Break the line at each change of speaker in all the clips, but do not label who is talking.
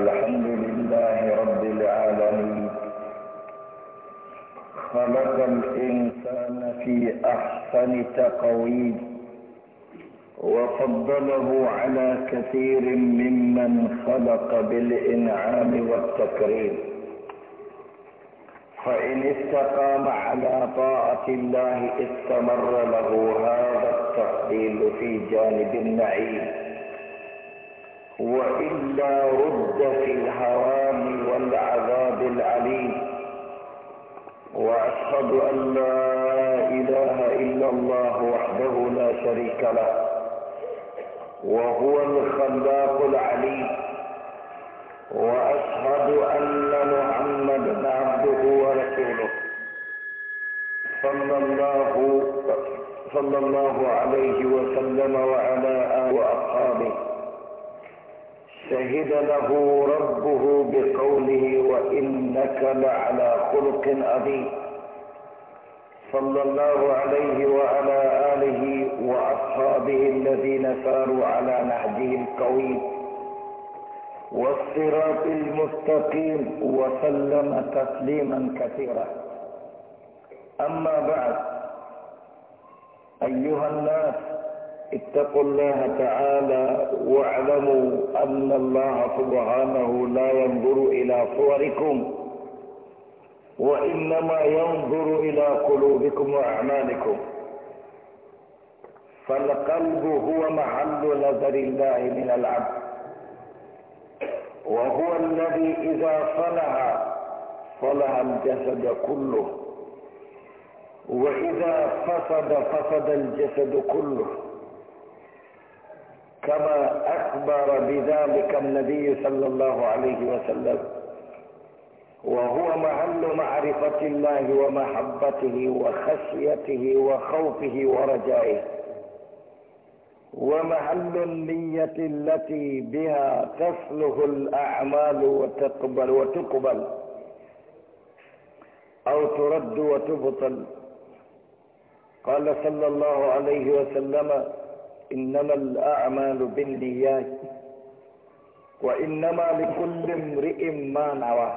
الحمد لله رب العالمين خلق الإنسان في أحسن تقويم وفضله على كثير ممن خلق بالإنعام والتكريم فإن استقام على طاعة الله استمر له هذا التفضيل في جانب النعيم وإلا رد في الهرام والعذاب العليم وأشهد أن لا إله إلا الله وحده لا شريك له وهو الخلاق العليم وأشهد أن محمدا عبده ورسوله صلى الله صلى الله عليه وسلم وعلى آله وأصحابه شهد له ربه بقوله وإنك لعلى خلق عظيم صلى الله عليه وعلى آله وأصحابه الذين ساروا على نهجه القويم والصراط المستقيم وسلم تسليما كثيرا
أما بعد
أيها الناس اتقوا الله تعالى واعلموا أن الله سبحانه لا ينظر إلى صوركم وإنما ينظر إلى قلوبكم وأعمالكم فالقلب هو محل نظر الله من العبد وهو الذي إذا صلح صلح الجسد كله وإذا فسد فسد الجسد كله
كما أخبر
بذلك النبي صلى الله عليه وسلم وهو محل معرفة الله ومحبته وخشيته وخوفه ورجائه ومحل النية التي بها تصلح الأعمال وتقبل وتقبل أو ترد وتبطل قال صلى الله عليه وسلم إنما الأعمال بالنيات وإنما لكل امرئ ما نوى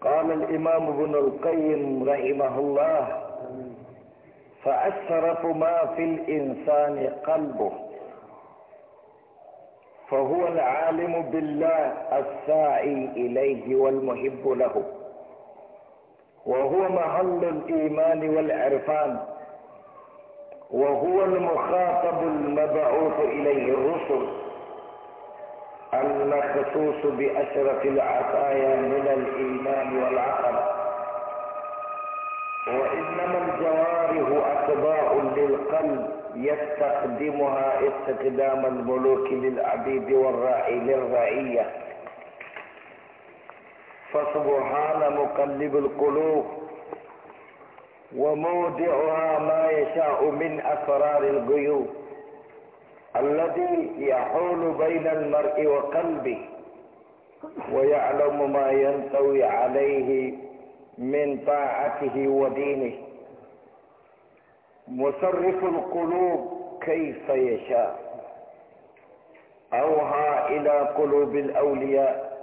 قال الإمام ابن القيم رحمه الله فأشرف ما في الإنسان قلبه فهو العالم بالله الساعي إليه والمحب له وهو محل الإيمان والعرفان وهو المخاطب المبعوث إليه الرسل المخصوص بأشرف العطايا من الإيمان والعقل وإنما الجوارح أتباع للقلب يستخدمها استخدام الملوك للعبيد والراعي للرعية فسبحان مقلب القلوب وموضعها ما يشاء من أسرار الغيوب الذي يحول بين المرء وقلبه ويعلم ما ينطوي عليه من طاعته ودينه مصرف القلوب كيف يشاء أوها إلى قلوب الأولياء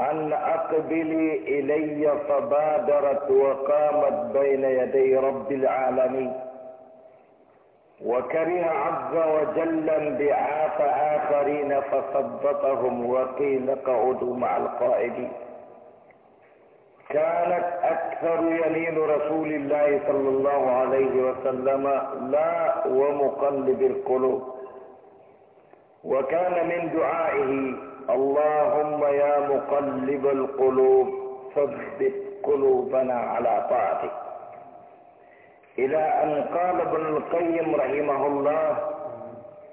أن أقبلي إلي فبادرت وقامت بين يدي رب العالمين وكره عز وجل انبعاث آخرين فثبتهم وقيل اقعدوا مع القائدين كانت أكثر يمين رسول الله صلى الله عليه وسلم لا ومقلب القلوب وكان من دعائه اللهم يا مقلب القلوب ثبت قلوبنا على طاعتك الى ان قال ابن القيم رحمه الله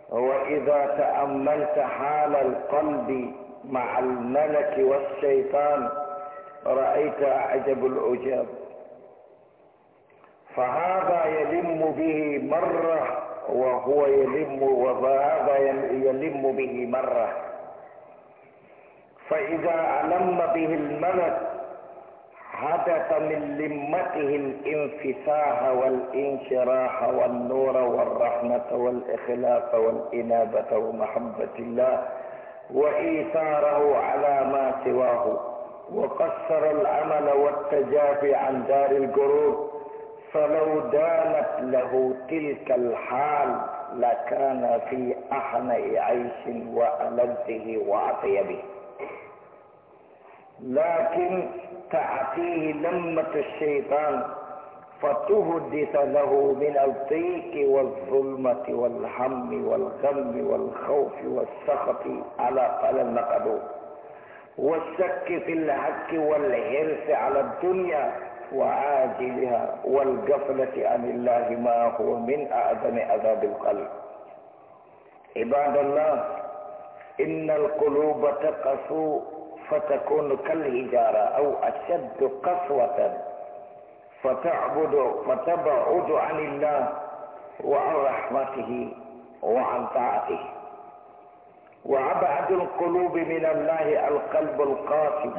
واذا تاملت حال القلب مع الملك والشيطان رايت اعجب العجاب فهذا يلم به مره وهو يلم وهذا يلم به مره فإذا ألم به الملك حدث من لمته الانفساح والانشراح والنور والرحمة والإخلاص والإنابة ومحبة الله وإيثاره على ما سواه وقصر العمل والتجافي عن دار الجروب فلو دانت له تلك الحال لكان في أحنى عيش وألذه وأطيبه لكن تعطيه لمة الشيطان فتهدث له من الضيق والظلمة والهم والغم والخوف والسخط على قال النقد والشك في الحق والحرص على الدنيا وعاجلها والغفلة عن الله ما هو من أعظم عذاب القلب عباد الله إن القلوب تقسو فتكون كالهجارة أو أشد قسوة فتعبد فتبعد عن الله وعن رحمته وعن طاعته وأبعد القلوب من الله القلب القاسي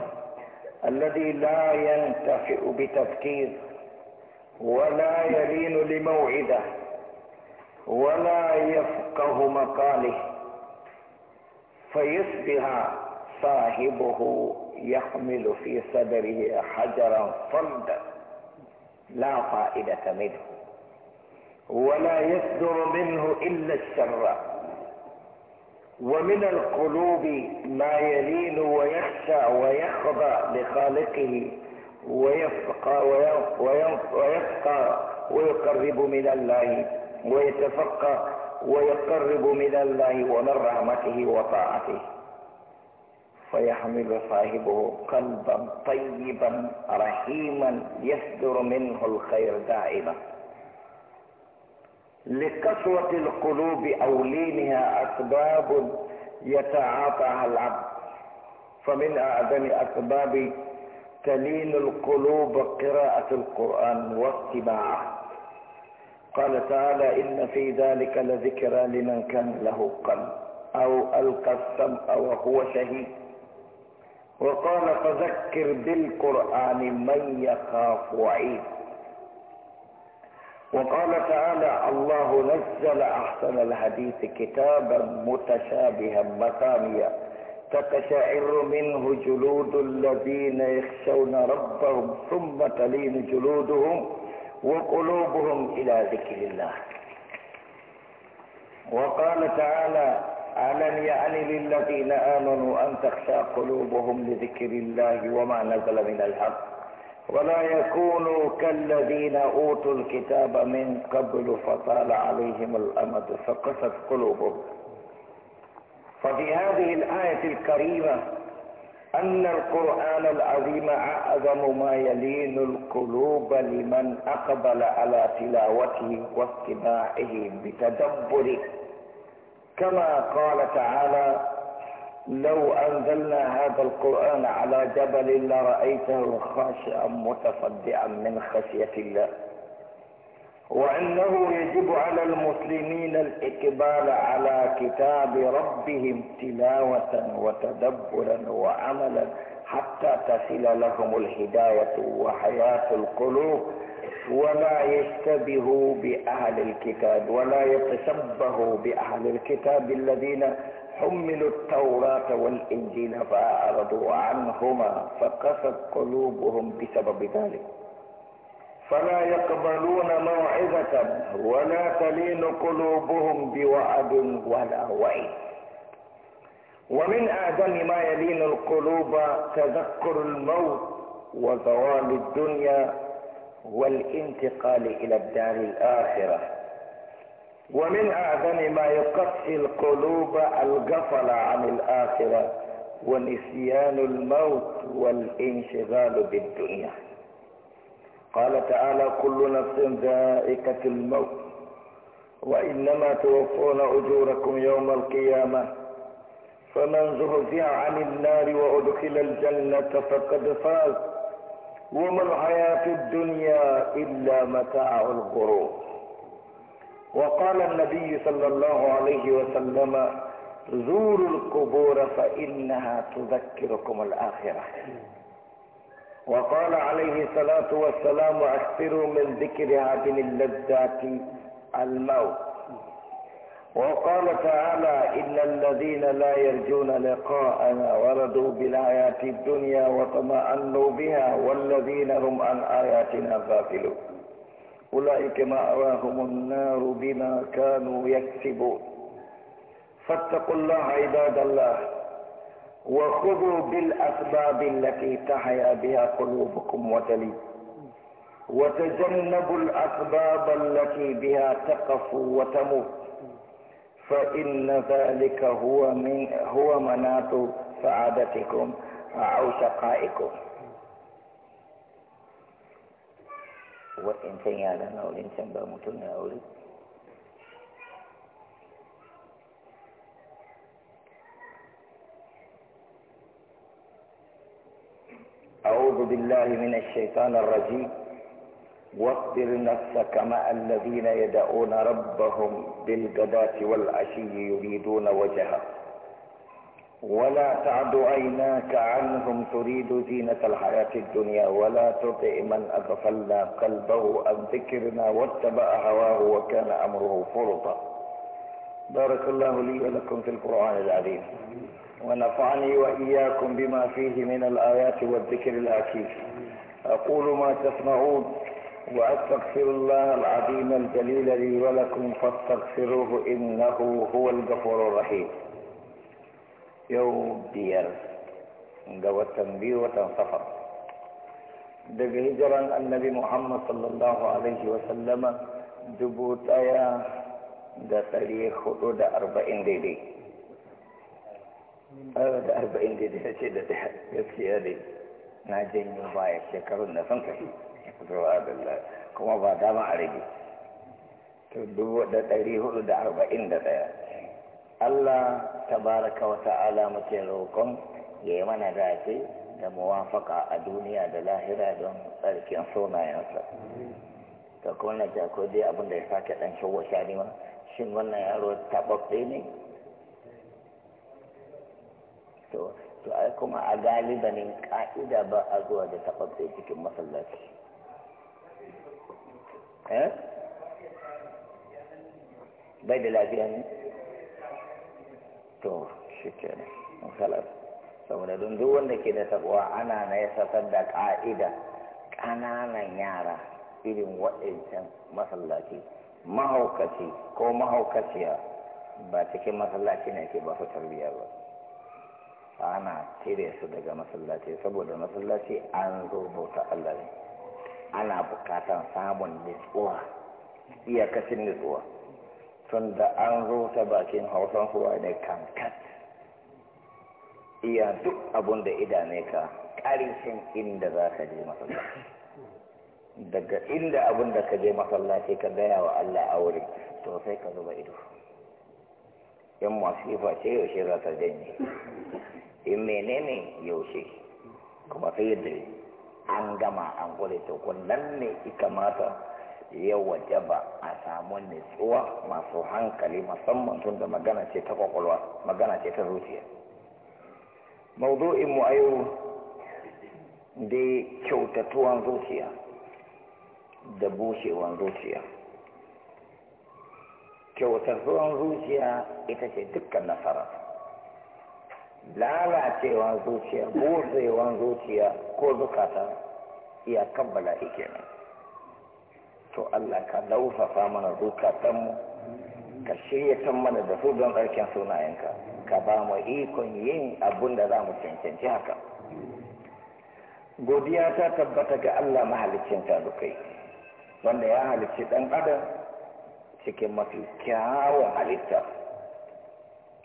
الذي لا ينتفئ بتفكير ولا يلين لموعده ولا يفقه مقاله فيصبح صاحبه يحمل في صدره حجرا صلدا لا فائدة منه ولا يصدر منه إلا الشر ومن القلوب ما يلين ويخشى ويخضع لخالقه ويفقى ويفقى ويقرب من الله ويتفقى ويقرب من الله ومن رحمته وطاعته فيحمل صاحبه قلبا طيبا رحيما يصدر منه الخير دائما لكثرة القلوب أو لينها أسباب يتعاطاها العبد فمن أعظم أسباب تلين القلوب قراءة القرآن واستماعه قال تعالى إن في ذلك لذكرى لمن كان له قلب أو ألقى السمع وهو شهيد وقال فذكر بالقرآن من يخاف وعيد وقال تعالى الله نزل أحسن الحديث كتابا متشابها مثانيا تتشعر منه جلود الذين يخشون ربهم ثم تلين جلودهم وقلوبهم إلى ذكر الله وقال تعالى ألم يأن للذين آمنوا أن تخشى قلوبهم لذكر الله وما نزل من الحق ولا يكونوا كالذين أوتوا الكتاب من قبل فطال عليهم الأمد فقست قلوبهم ففي هذه الآية الكريمة أن القرآن العظيم أعظم ما يلين القلوب لمن أقبل على تلاوته واستماعه بتدبره كما قال تعالى لو أنزلنا هذا القرآن على جبل لرأيته خاشعا متصدعا من خشية الله وأنه يجب على المسلمين الإقبال على كتاب ربهم تلاوة وتدبرا وعملا حتى تصل لهم الهداية وحياة القلوب ولا يشتبه بأهل الكتاب ولا يتشبه بأهل الكتاب الذين حملوا التوراة والإنجيل فأعرضوا عنهما فقست قلوبهم بسبب ذلك
فلا يقبلون
موعظة ولا تلين قلوبهم بوعد ولا وعيد ومن أعظم ما يلين القلوب تذكر الموت وزوال الدنيا والانتقال إلى الدار الآخرة ومن أعظم ما يقسي القلوب القفل عن الآخرة ونسيان الموت والانشغال بالدنيا قال تعالى كل نفس ذائقة الموت وإنما توفون أجوركم يوم القيامة فمن زهزع عن النار وأدخل الجنة فقد فاز وما الحياة الدنيا إلا متاع الغرور وقال النبي صلى الله عليه وسلم زوروا القبور فإنها تذكركم الآخرة وقال عليه الصلاة والسلام أكثروا من ذكر هذه اللذات الموت وقال تعالى إن الذين لا يرجون لقاءنا وردوا بالآيات الدنيا وطمأنوا بها والذين هم عن آياتنا غافلون أولئك مأواهم النار بما كانوا يكسبون فاتقوا الله عباد الله وخذوا بالأسباب التي تحيا بها قلوبكم وتلي وتجنبوا الأسباب التي بها تقف وتموت فإن ذلك هو من هو مناط سعادتكم أو شقائكم والإنسان يعلم أو الإنسان بموتون أو أعوذ بالله من الشيطان الرجيم واصبر نفسك مع الذين يدعون ربهم بالغداة والعشي يريدون وجهه ولا تعد عيناك عنهم تريد زينة الحياة الدنيا ولا تطع من أغفلنا قلبه عن ذكرنا واتبع هواه وكان أمره فرطا بارك الله لي ولكم في القرآن العظيم ونفعني وإياكم بما فيه من الآيات والذكر الحكيم أقول ما تسمعون واستغفر الله العظيم الجليل لي ولكم فاستغفروه انه هو الغفور الرحيم يوم ديار غوتن بي وتن سفر دغيجران النبي محمد صلى الله عليه وسلم دبوت ايا دتري خطو د 40 دي دي أو آه، د 40 دي دي سيدتي يا سيدي ناجي نوايا شكرنا فنكشي zuwa kuma ba dama a rage to dubu da ɗari hudu da arba'in da ɗaya Allah tabaraka wa ta'ala muke roƙon ya yi mana dace da muwafaka a duniya da lahira don tsarkin sunayensa ta kuma na ta ko dai abin ya sake ɗan shawo shani ma shin wannan yaro taɓaɓɓe ne to ai kuma a galibanin ƙa'ida ba a zuwa da taɓaɓɓe cikin masallaci eh bai da lafiya ne to shi ke nan saboda don duk wanda ke da sabuwa ana na ya satar da ƙa'ida ƙananan yara irin waɗancan masallaci
mahaukaci
ko mahaukaciya ba cikin masallaci ne ke ba su tarbiyya ba ana cire su daga masallaci saboda masallaci an zo bauta Allah ne ana bukatar samun nutsuwa iyakacin nutsuwa tun da an zo ta bakin hausan suwa ne kankat iya duk abun da idane ka ƙarshen inda za ka je masallaci daga inda abun da ka je masallaci ka gaya wa Allah aure to sai ka zuba ido yan masifa ce yaushe za ta janye in menene yaushe kuma sai yadda an gama an kure to nan ne yau ya ba a samu nutsuwa masu hankali musamman tun da magana ce ta kwakwalwa magana ce ta zuciya maudu'in mu a yau da kyautatuwan zuciya da bushewan zuciya kyautatuwan zuciya ita ce dukkan nasara lalacewan zuciya burzewan zuciya ko zukata iyakan bala'i kenan to Allah ka laufafa mana zukatanmu ka shirya ta mana da su don arkin sunayenka ka ba mu ikon yin abun da za mu cancanci haka godiya ta tabbata ga Allah ta talukai wanda ya halicci ɗan adam cikin mafi kyawun halitta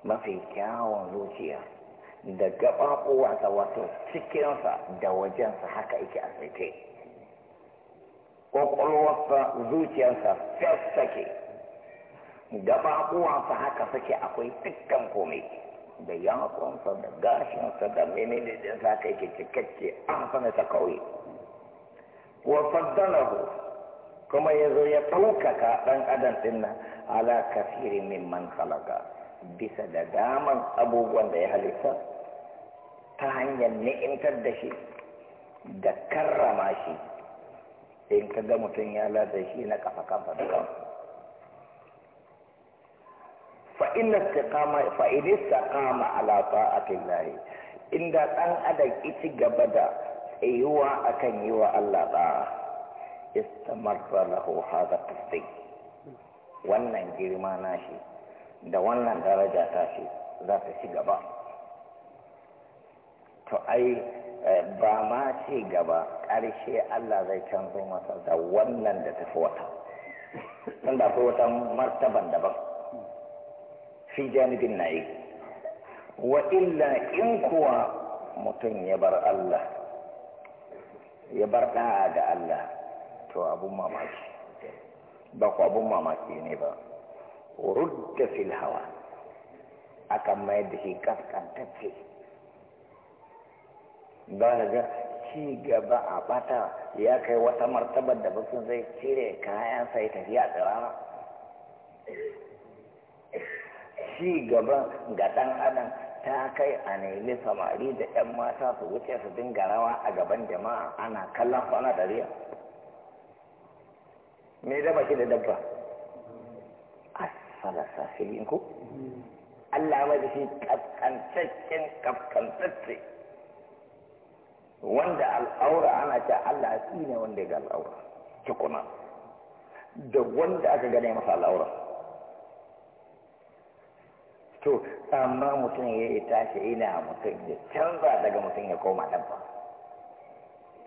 mafi kyawun zuciya da gaɓaɓowarsa wato cikinsa da wajensa haka yake a tsaite ƙwaƙwalwarsa zuciyarsa fes take gaɓaɓowarsa haka suke akwai dukkan komai da yatsunsa da gashinsa da menene da sa ka yake cikakke an sana ta kawai wa faddalahu kuma ya zo ya ɗaukaka ɗan adam ɗin nan ala kafirin mimman khalaqa bisa da daman abubuwan da ya halitta ta hanyar ni'imtar da shi da karrama shi in ka ga mutum ya lada shi na kafa kafa da kafa fa'in istiqama ala ta'atillahi inda ɗan adam ici gaba da tsayuwa akan yi wa Allah ba istamarra lahu hadha tasdiq wannan girma nashi da wannan daraja tashi za ta ci gaba to ai eh, ba ma ce gaba ƙarshe Allah zai canzo masa da wannan da tafi wata tun da wata martaban daban fi janibin yi. wa illa in kuwa mutum ya bar Allah ya bar da'a ga Allah to abun mamaki ba ku abun mamaki ne ba rudda fil hawa akan mayar da shi kaskantacce ba ga ci gaba a bata ya kai wata martabar da mutum zai cire kayan sai tafiya tsirara ci gaba ga dan adam ta kai a nemi samari da 'yan mata su wuce su dinga rawa a gaban jama'a ana kallon kwana da riya me zama shi da dabba asala safilin ku Allah mai da shi kafkantaccen kafkantacce wanda al'aura ana ce Allah shi ne wanda ya ga al'aura cikuna da wanda aka gane masa al'aura to amma mutum ya yi tashi ina mutum ya canza daga mutum ya koma ɗan ba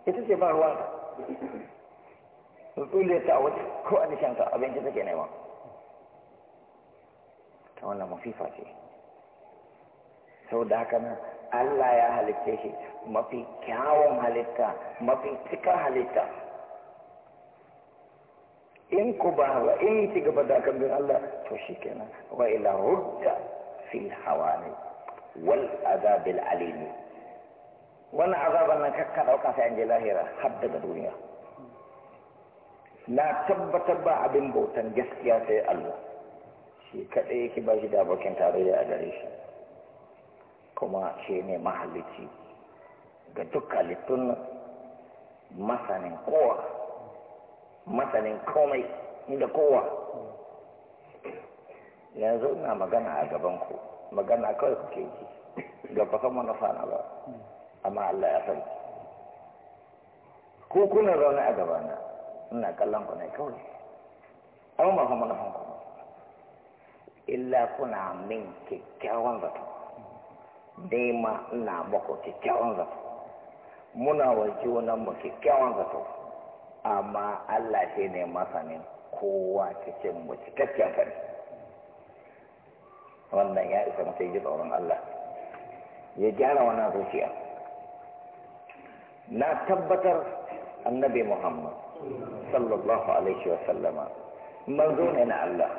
ita ce ba ruwa tsule ta wata ko a nishanta abinci take nema ta wannan mafifa ce saboda haka nan Allah ya halitta shi mafi kyawun halitta mafi cika halitta in ku ba wa in ci gaba da kan bin Allah to shi kenan wa ila rudda fil hawani wal azabil alimi wannan azaban nan kakka dauka sai an je lahira har daga duniya na tabbatar ba abin bautan gaskiya sai Allah shi kaɗai yake ba shi da abokin tarayya a gare shi kuma shi ne mahallici ga dukkan halittun masanin kowa masanin komai inda kowa yanzu ina magana a gabanku magana kawai kuke ji ga kusan manufa na ba amma Allah ya sani ko kuna zaune a gabana ina kallon ku ne kawai an mafi manufan ku illa kuna min kyakkyawan zato dai ma ina mako kyakkyawan zato muna wa mu kyakkyawan zato amma Allah shi ne masanin kowa cikin mu cikakken fari wannan ya isa mutum ji tsoron Allah ya gyara wannan zuciya na tabbatar annabi Muhammad sallallahu alaihi wa sallama manzo ne na Allah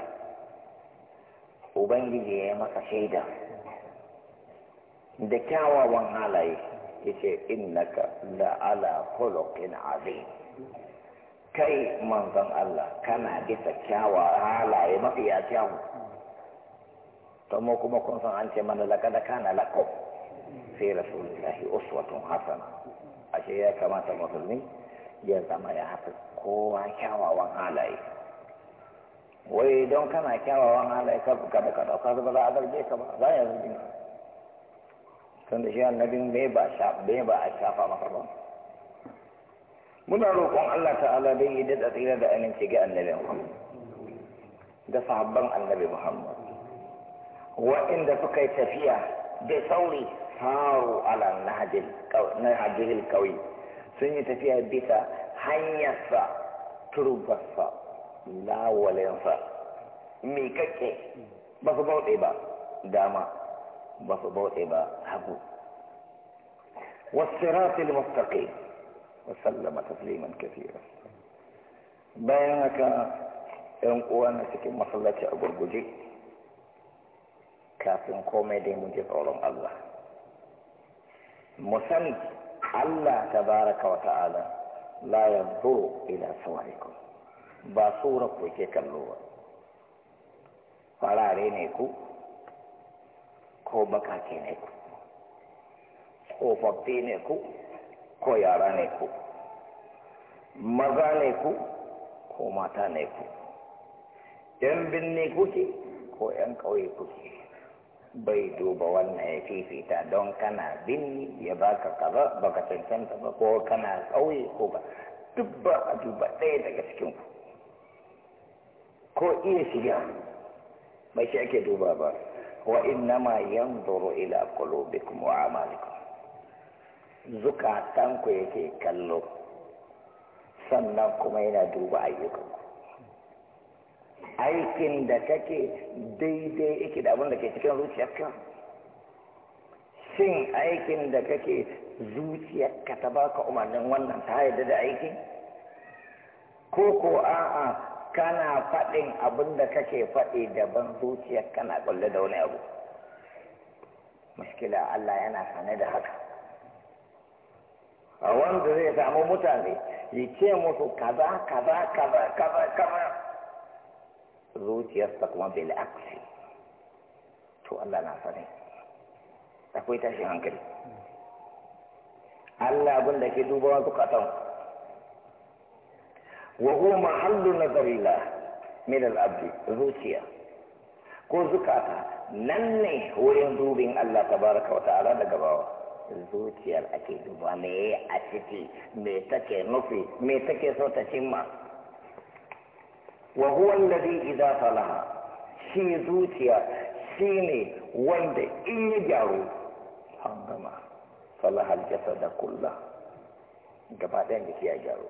ubangiji ya yi maka shaida da kyawawan halaye yace innaka la ala khuluqin azim kai manzon Allah kana bisa kyawawan halaye mafi kyawu to mu kuma kun san an ce mana laqad kana lakum fi rasulillahi uswatun hasana ashe ya kamata musulmi ya zama ya hafi kowa kyawawan halaye wai don kana kyawawan halaye ka kada ka dauka ba za a zarge ka za ya zarge ka tun da shi annabin me ba a shafa maka ba muna roƙon Allah ta'ala dai yi dada tsira da aminci ga annabi Muhammad da sahabban annabi Muhammad waɗanda suka yi tafiya da sauri faru ala nahajihil kawai sun yi tafiya bisa hanyarsa turbarsa lawalensa miƙaƙe ba su bauɗe ba dama ba su bauɗe ba hagu والصراط المستقيم وسلم bayan كثيرا بيانك uwa na cikin masallaci a gurguje kafin komai dai mu ji tsoron Allah mu sani Allah tabaraka wa ta'ala la yanzuru ila sawarikum ba sura ku ke kallo ba farare ne ku ko bakake ne ku tsofaffi ne ku ko yara ne ku maza ne ku ko mata ne ku ‘yan binne kuke ko ‘yan ƙauye kuke bai duba wannan ya fifita don kana binni ya baka kaza baka cancanta ba ko kana ƙauye ko ba duk ba a duba ɗaya daga cikin ku ko iya shiga ba shi ake duba ba yan وإنما ينظر إلى قلوبكم وأعمالكم zukatanku yake kallo sannan kuma yana duba ayyukanku aikin da kake daidai yake da abin da ke cikin zuciyarka shin aikin da kake zuciyarka ta baka umarnin wannan ta yarda da aiki ko ko a'a kana faɗin abin da kake faɗi daban zuciyar kana ƙulle da wani abu muskila Allah yana sane da haka a wanda zai samu mutane yi ce musu kaza kaza kaza kaza kaza zuciyarsa kuma bai aksi to Allah na sane akwai tashin hankali Allah abin da ke dubawa zukatan wa huwa mahallu nazarillah min al-abdi zuciya ko zukata nan ne wurin dubin Allah tabaraka wa ta'ala da gabawa zuciyar ake duba me a ciki me take nufi me take so ta cimma wa huwa alladhi idza shi zuciya shi ne wanda in ya gyaru an gama salaha al-jasad kulla gaba ɗayan da ya gyaru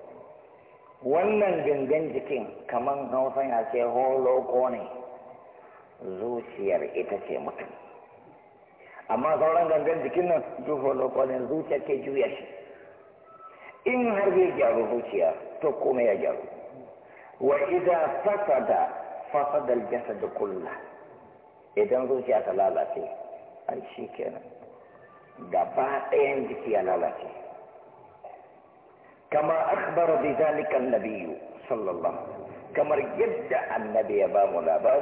wannan gangan jikin kamar hausa ya ce holoko ne zuciyar ita ce mutum amma sauran gangan jikin nan holoko ne zuciya ke juya shi in har zai gyaru zuciya to kome ya gyaru wa idan fasada fasadal da kulla idan zuciya ta lalace an shi kenan gaba ɗayan jiki ya lalace كما أخبر بذلك النبي صلى الله عليه وسلم كما يبدأ النبي يبام الأبار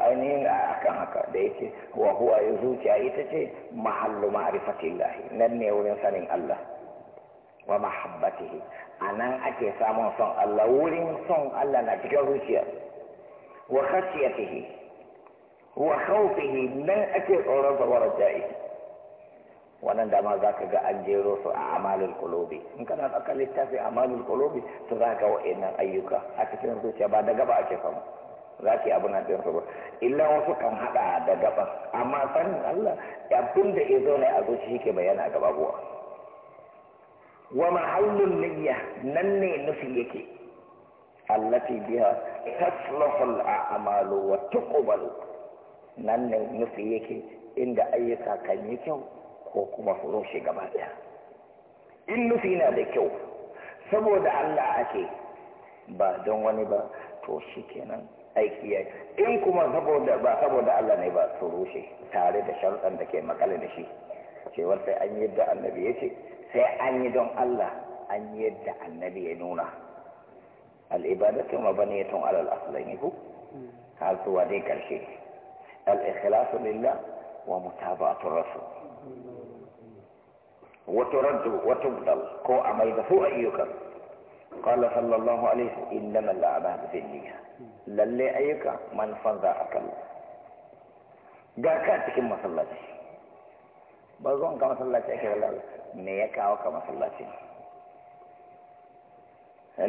أين أكاك ديت وهو يزوج آيته محل معرفة الله نني ولنسان الله ومحبته أنا أتي سامون صن الله ولن صن الله نتجوز وخشيته وخوفه من أتي الأرض ورجائه wannan dama za ka ga an jero su a amalul kulobi in kana ɗaukar littafi amalul kulobi to za ka wa'annan ayyuka a cikin zuciya ba da gaba ake samu za ki abu na ɗin ba illa wasu kan haɗa da gaba amma sanin Allah abin da ya zo ne a zuci shi ke bayyana gaba buwa wa mahallun niyya nan ne nufi yake allati biha taslahu al-a'malu wa tuqbalu nan ne nufi yake inda ayyuka kan yi kyau ko kuma hurufi gaba ɗaya in nufi na da kyau saboda Allah ake ba don wani ba to shi kenan aiki ya in kuma saboda ba saboda Allah ne ba su rushe tare da sharuɗan da ke makale da shi cewar sai an yadda annabi ya ce sai an yi don Allah an yadda annabi ya nuna al'ibadatu mabaniyatun alal aslain ku har zuwa dai karshe al-ikhlasu lillah wa mutaba'atur rasul
وترد وتبطل
كو عمل دفوع أيوكا قال صلى الله عليه وسلم إنما الأعمال بالنية للي أيوكا من فنزا أكل ga ka cikin masallaci ba zuwan ka masallaci ake walala me ya kawo ka masallaci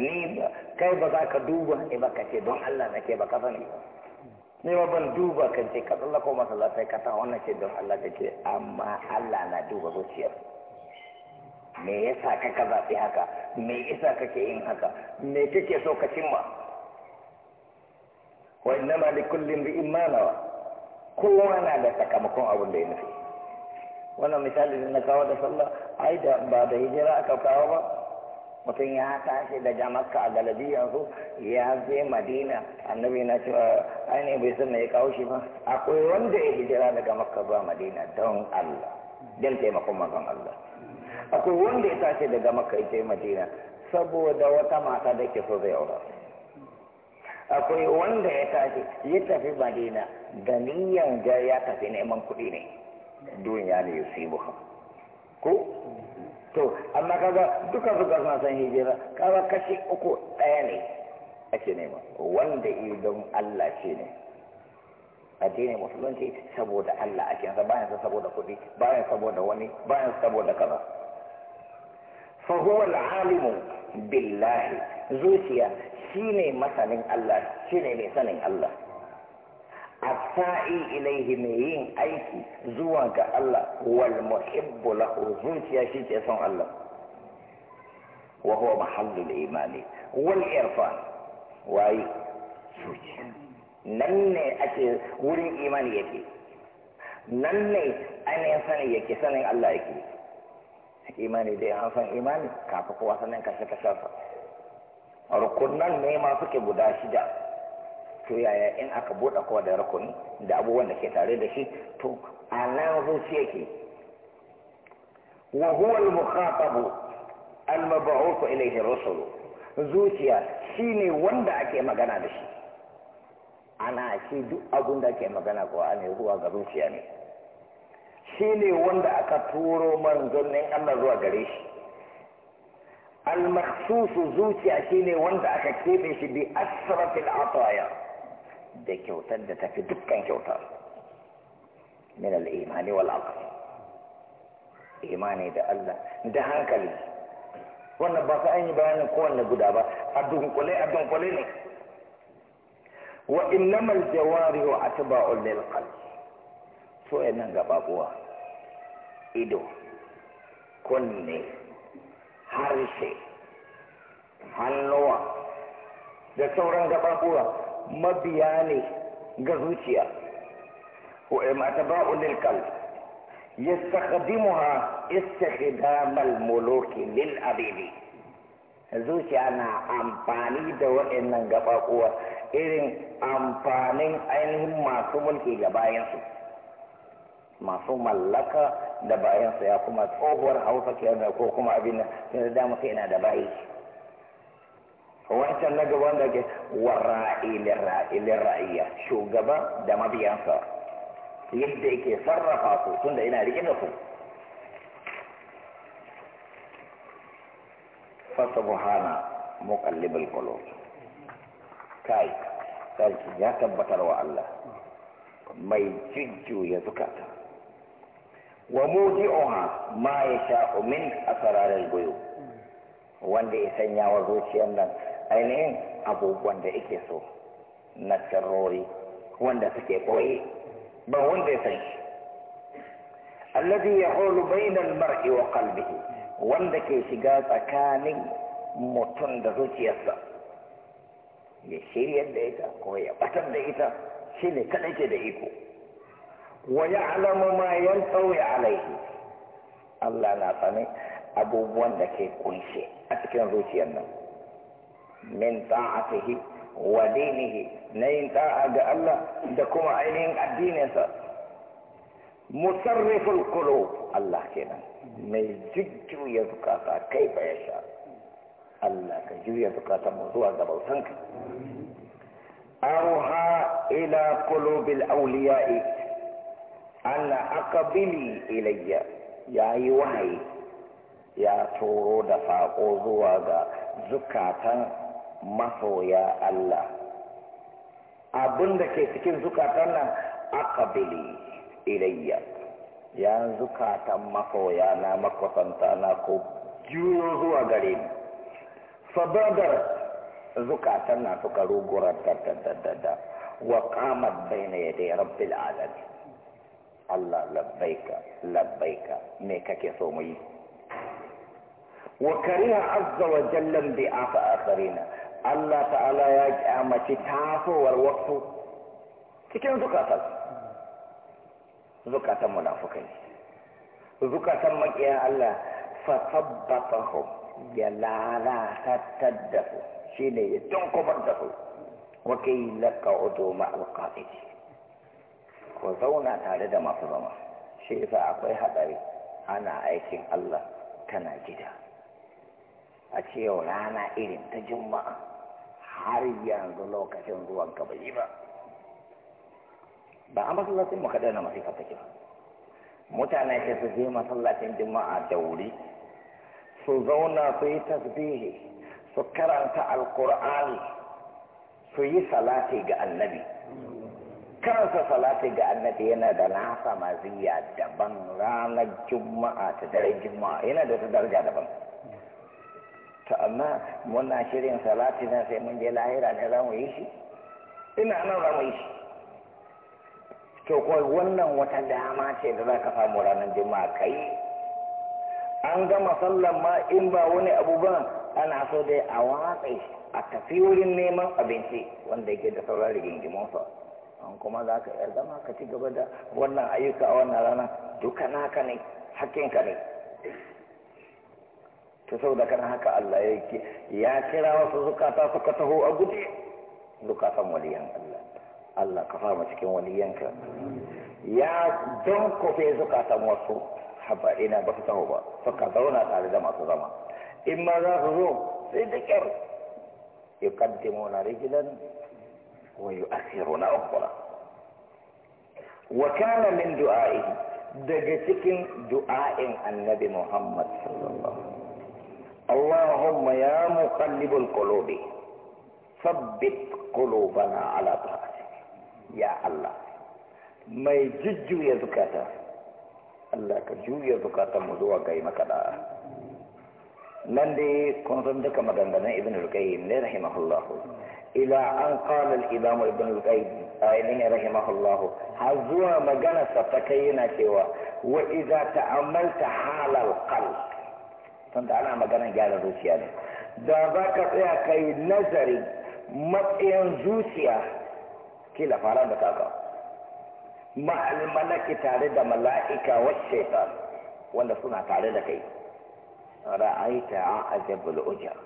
ni kai ba za ka duba ne ba ka ce don Allah na ke ba ka sani ni ma ban duba kan ce ka tsallako masallaci ka ta wannan ce don Allah ta ce amma Allah na duba zuciyar me yasa ka ka zaɓi haka me yasa kake yin haka me kake so ka cimma wa innama li kullin bi imanawa kowa na da sakamakon abin da ya nufi wannan misali da na kawo da sallah ai da ba da hijira aka kawo ba mutum ya tashi da makka a galabi yanzu ya je madina annabi na cewa ainihin bai san na ya kawo shi ba akwai wanda ya hijira daga makka zuwa madina don allah don taimakon mazan allah akwai wanda ya tashi daga maka madina saboda wata mata da ke so zai aura akwai wanda ya tashi ya tafi madina da niyan ga ya tafi neman kuɗi ne duniya ne ya yusibu ko to amma kaga duka suka suna san hijira kaga kashi uku ɗaya ne ake nema wanda don Allah shi ne addini musulunci saboda Allah ake yansa bayan saboda kuɗi bayan saboda wani bayan saboda kaza فهو العالم بالله billahi zuciya shine masanin Allah shine mai إليه Allah أيكي ilaihi mai yin aiki zuwa ga Allah الله وهو محل الإيمان shi ke son Allah imani ake wurin imani yake nan ainihin sani yake sanin Allah yake imani da an san imani kafa kowa sanin kashe kashensa rukunan ne ma suke guda shida to yaya in aka buɗe kowa da rukuni da abubuwan da ke tare da shi to a nan zuciya yake wa huwa al-mukhatabu al-mab'uth ilayhi ar-rusul zuciya shine wanda ake magana da shi ana ce duk abunda da ake magana ko ne zuwa ga zuciya ne shi ne wanda aka turo manzannin Allah zuwa gare shi al maksusu zuciya shi ne wanda aka keɓe shi bi asratil ataya da kyautar da tafi dukkan kyauta min al-imani wal aql imani da Allah da hankali wannan ba su an yi bayanin kowanne guda ba a dunkule a dunkule ne wa innamal jawarihu atba'u lil qalbi so ya nan ido kunne harshe hannuwa da sauran gababuwa mabiya ne ga zuciya ya واتباع للقلب يستخدمها استخدام lil للعبيد zuciya na amfani da waɗannan gaɓaɓuwa irin amfanin ainihin masu mulki ga bayansu masu mallaka da bayansa ya kuma tsohuwar hausa ke ko kuma abin da da sai ina da bayi wancan na gaban da ke wa ra'ilin ra'ayya shugaba da mabiyansa yadda yake sarrafa su tun da ina riƙe da su buhana muqallibul qulub kai kai ya tabbatar wa Allah mai jujjuya zukata wa mawdi'uha ma yasha'u min asrarar goyo? wanda ya sanya wa zuciyar nan ainihin abubuwan da yake so na sirrori wanda suke koyi ba wanda ya sanya. allazi ya hulu bainal mar'i wa qalbihi wanda ke shiga tsakanin mutum da zuciyarsa ya shiryar da ita ko ya batar da ita shi ne kaɗai ke da iko wa ya'lamu ma yantawi alaihi Allah na sani abubuwan da ke kunshe a cikin zuciyar nan min ta'atihi wa dinihi na yin ta'a ga Allah da kuma ainihin addininsa musarriful qulub Allah kenan mai jujjuya zukata kai ba ya sha Allah ka juya zukata mu zuwa ga bautanka أوها إلى قلوب الأولياء Allah aqbili ilayya yi wahayi ya turo da saƙo zuwa ga zukatan masoya Allah abin da ke cikin zukatan nan bili ilayya ya zukatan masoya na makwasanta na ko juyo zuwa gare ni sabadar zukatan na suka rugura da da da da wa qamat bayna yaday rabbil alamin الله لبيك لبيك ميكا كيسومي وكره عز وجل بآف آخرين الله تعالى يجعم تتعافو والوقف تكين زكاة زكاة منافقين زكاة مجيا الله فثبتهم يلالا تتدفو شيني تنكبر دفو وكي لك عدو مع القائدين ku zauna tare da masu zama shi isa akwai haɗari ana aikin Allah tana gida a ce yau rana irin ta juma'a har yanzu lokacin zuwan ka bai ba ba a masallacin mu kaɗai na masifa ke ba mutane ke su je masallacin juma'a da wuri su zauna su yi tasbihi su karanta alkur'ani su yi salati ga annabi karasa salati ga annabi yana da nasa maziya daban ranar juma'a ta dare juma'a yana da wata daraja daban Ta amma muna shirin salati na sai mun je lahira ne za mu yi shi ina nan za mu yi shi to ko wannan wata dama ce da za ka samu ranar juma'a kai an gama sallan ma in ba wani abu ana so dai a watsa a tafi wurin neman abinci wanda yake da sauran rigingimonsa an kuma za ka yarda ma ka ci gaba da wannan ayyuka a wannan rana duka naka ne hakkinka ne ta saboda kana haka Allah ya ke ya kira wasu zukata suka taho a guje zukatan waliyan Allah Allah ka fama cikin waliyanka ya don kofe zukatan wasu haba ina ba su taho ba suka zauna tare da masu zama in ma za su zo sai da kyar na rijilan. ويؤثرون أخرى وكان من دعائه دقتك دعاء النبي محمد صلى الله عليه وسلم اللهم يا مقلب القلوب ثبت قلوبنا على طاعتك يا الله ما يججو يا زكاتا الله كجو يا زكاتا مزوى قيمك دعاء nan dai kun san duka maganganun ibn al-qayyim ne rahimahullah ila an qala al-imam ibn al-qayyim ayyuhu rahimahullah har zuwa magana sa yana cewa wa idza ta'ammalta halal qalb san ana magana gyara zuciya ne da za ka tsaya kai nazari matsayin zuciya kila fara da kaka ma'al malaki tare da mala'ika wa shaitan wanda suna tare da kai ra'aita ajabul ujar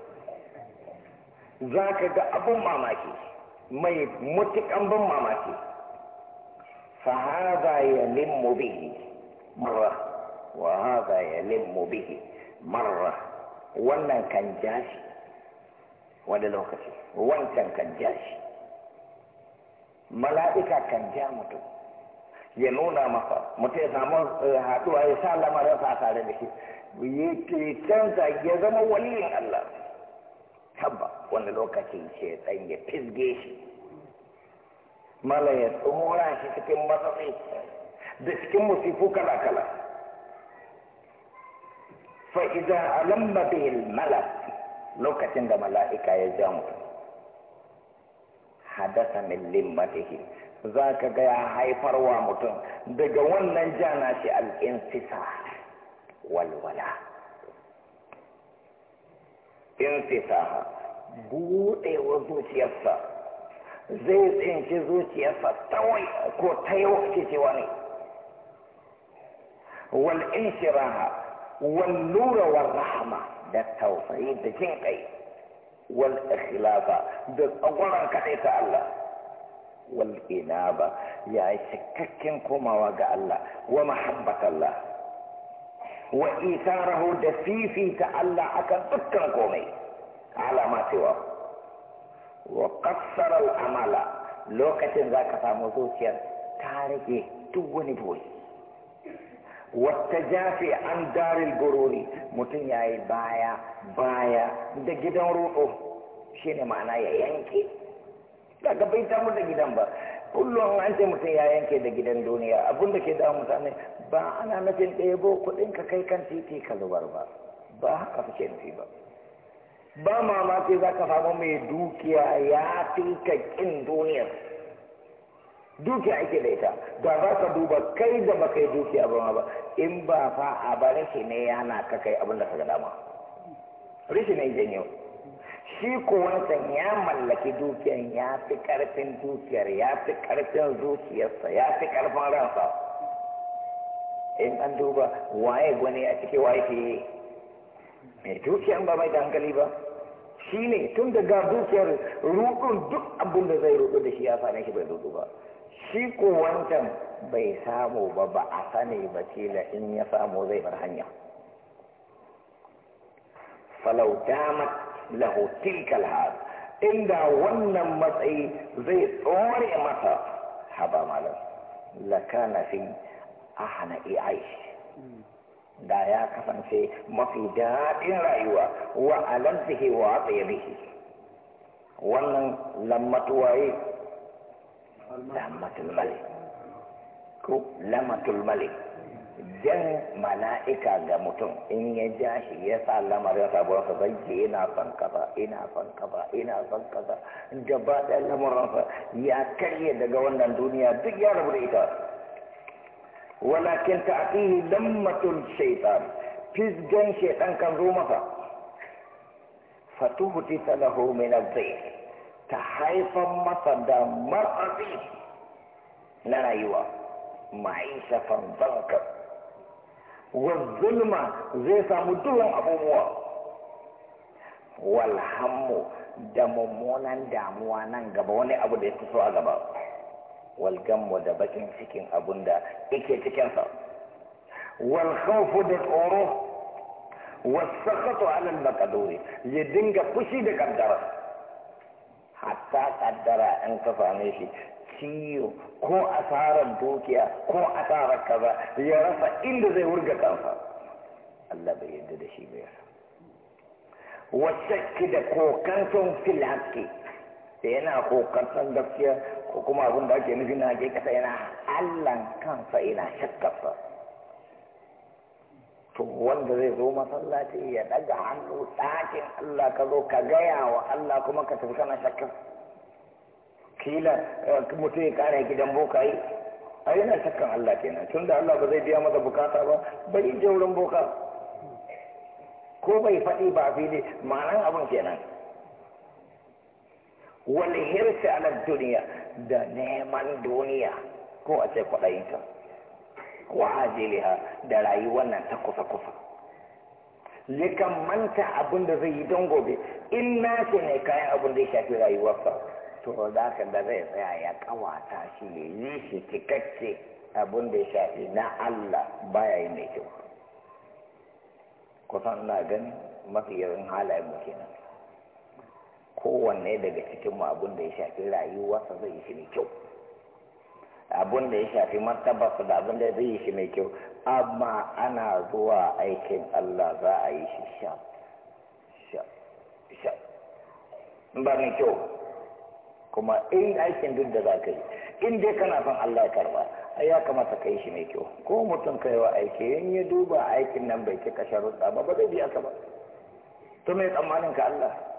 za ka ga abin mamaki mai mutukan ban mamaki fa haza ya limmu bihi marra wa haza ya limmu bihi marra wannan kan jashi wani lokaci wancan kan jashi mala'ika kan ja mutum ya nuna masa mutum ya samu eh, haɗuwa ya sa lamarin sa tare da shi yake canza ya zama waliyin Allah tabba wani lokacin shaitan ya fisge shi mala ya tsora shi cikin matsayi da cikin musifu kala kala fa idza alamma bai mala lokacin da mala'ika ya ja mutum hadasa min limmatihi za ka ga ya haifarwa mutum daga wannan jana shi al'insisa walwala in intisaha buɗewa zuciyarsa zai tsinci zuciyarsa wai ko ta yau cewa ne wal inshiraha wal lura wal rahma da tausayi da jin kai wal ikhlasa da tsagwaron kaɗai ta Allah wal inaba ya yi cikakken komawa ga Allah wa mahabbat Allah wa isarahu da fifita Allah akan dukkan komai alama cewa wa qassara amala lokacin za ka samu zuciyar ta rage duk wani boye wata jafi an daril gururi mutum ya yi baya baya da gidan roƙo shi ne ma'ana ya yanke daga bai damu da gidan ba kullum an ce mutum ya yanke da gidan duniya abin da ke damu mutane ba ana nufin ɗebo kuɗin ka kai kan titi ka zubar ba ba haka suke nufi ba ba mamaki za ka samu mai dukiya ya fi ka ƙin duniyar dukiya ake da ita ba za ka duba kai da ba kai dukiya ba ba in ba fa a ba rashi ne yana ka kai abin da ka ga dama rashi ne janyo shi ko wancan ya mallaki dukiyan ya fi karfin dukiyar ya fi karfin zuciyarsa ya fi karfin ransa in an duba waye gwani a cikin waye yi mai dukiyan ba mai da hankali ba shi ne tun da ga dukiyar rudun duk abin da zai rudu da shi ya fara shi bai rudu ba shi ko wancan bai samu ba ba a sani ba kila in ya samu zai bar hanya falau damat lahu tilkal har inda wannan matsayi zai tsore masa haba malam lakana fi A hana AI. Hmm. da ya kasance mafi daɗin rayuwa wa alamsihi wa tsayabihi wannan lammatuwaye lammatul malik hmm. ko lammatul malik hmm. jan mala'ika ga mutum in ya ja shi ya sa lamarin sabuwarsa zai ce ina son kaza ina son kaza ina son kaza gaba ɗaya lamarinsa ya karye daga wannan duniya duk ya rabu da ita walakin don matun shaitan? fisgan shaitan kan zo masa ti lahu min na ta haifan masa da matsatsi na rayuwa shafan zanka wa zulma zai samu duwan abubuwa walhammu da mummunan damuwa nan gaba wani abu da ya so a gaba walgammu da bakin cikin abunda da yake cikinsa wal khawfu da tsoro wasakatu alal makaduri ya dinga fushi da kaddara hatta kaddara in ka same shi ciwo ko asarar dukiya ko asarar kaza ya rasa inda zai wurga kansa Allah bai yarda da shi bai wasakki da kokanton fil haqqi yana kokanton gaskiya ko kuma abin da ake nufi na kasa yana allan kansa yana shakkarsa to wanda zai zo masallaci ya daga hannu ɗakin allah ka zo ka gaya wa allah kuma ka tafi kana shakkar kila eh, mutum ya kara gidan boka yi a yana shakkan allah kenan tun da allah ba zai biya masa bukata ba bari je wurin boka ko bai faɗi ba fili ma'anan abin kenan Wani hirsi na duniya da neman duniya ko a ce kwaɗayinta wa hajiliha da rayuwar nan ta kusa-kusa yakan manta abin da zai yi don gobe in na ce ne kayan abin da ya shafi rayuwarsa to za ka da zai tsaya ya kawata shi ya yi shi cikakke abin da ya shafi na Allah baya yi mai kyau kusan na gani mafi yawan halayen mu kenan kowanne daga cikinmu abin da ya shafi rayuwarsa zai yi shi mai kyau abin da ya shafi martabarsa da abin da zai yi shi mai kyau amma ana zuwa aikin Allah za a yi shi sha sha sha ba mai kyau kuma in aikin duk da za ka yi in dai kana son Allah ya karba ai ya kamata ka yi shi mai kyau ko mutum ka yi wa aiki in ya duba aikin nan bai cika sharuɗa ba ba zai biya ka ba to mai tsammanin ka Allah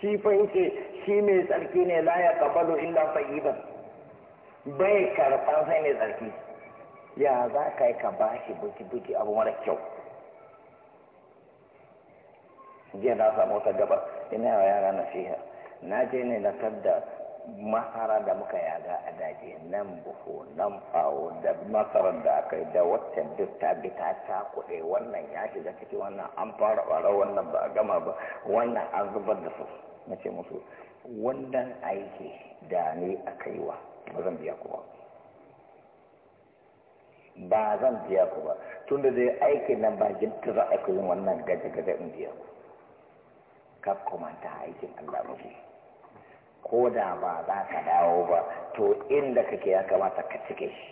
sifa fa yake shi mai tsarki ne la ya kabalu illa fa'iban bai karfan sai mai tsarki ya za ka yi ka ba shi buki buki abu mara kyau jiya na samu wata gaba ina yawa yara nasiha na je ne na tadda masara da muka yaga a daji nan buhu nan fawo da masarar da aka yi da wacce duk ta bi ta ta kuɗe wannan ya shiga ciki wannan an fara ɓara wannan ba a gama ba wannan an zubar da su na ce musu wannan aiki da ne a kaiwa ba zan biya ku ba ba zan biya ku ba tun da zai aikin nan ba jinta za a yin wannan gaji gaji in biya ku ka kumanta aikin Allah mafi ko da ba za ka dawo ba to inda kake ya kamata ka cike shi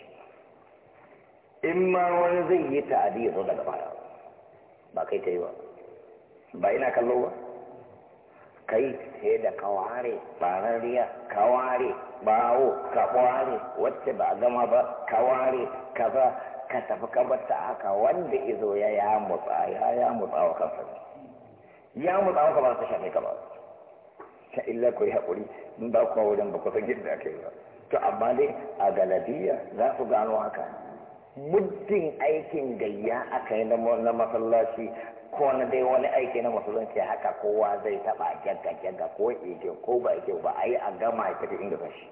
in ma wani zai yi ta'adi ya zo daga baya ba kai ta yi ba ba ina kallo ba kai sai da ka ware barariya ka bawo kaware ware wacce ba a gama ba ka ware ka ka tafi ka bata haka wanda izo ya ya mutsa ya ya mutsa wa kansa ya mutsa wa ba ta shafe ka ba ta illa ku yi haƙuri in ba kuwa wajen ba ku san yadda ake yi ba to amma dai a galadiya za ku gano haka muddin aikin gayya aka yi na masallaci ko na dai wani aiki na musulunci haka kowa zai taba gyagga gyagga ko ije ko ba ije ba a yi a gama ya fita inda bashi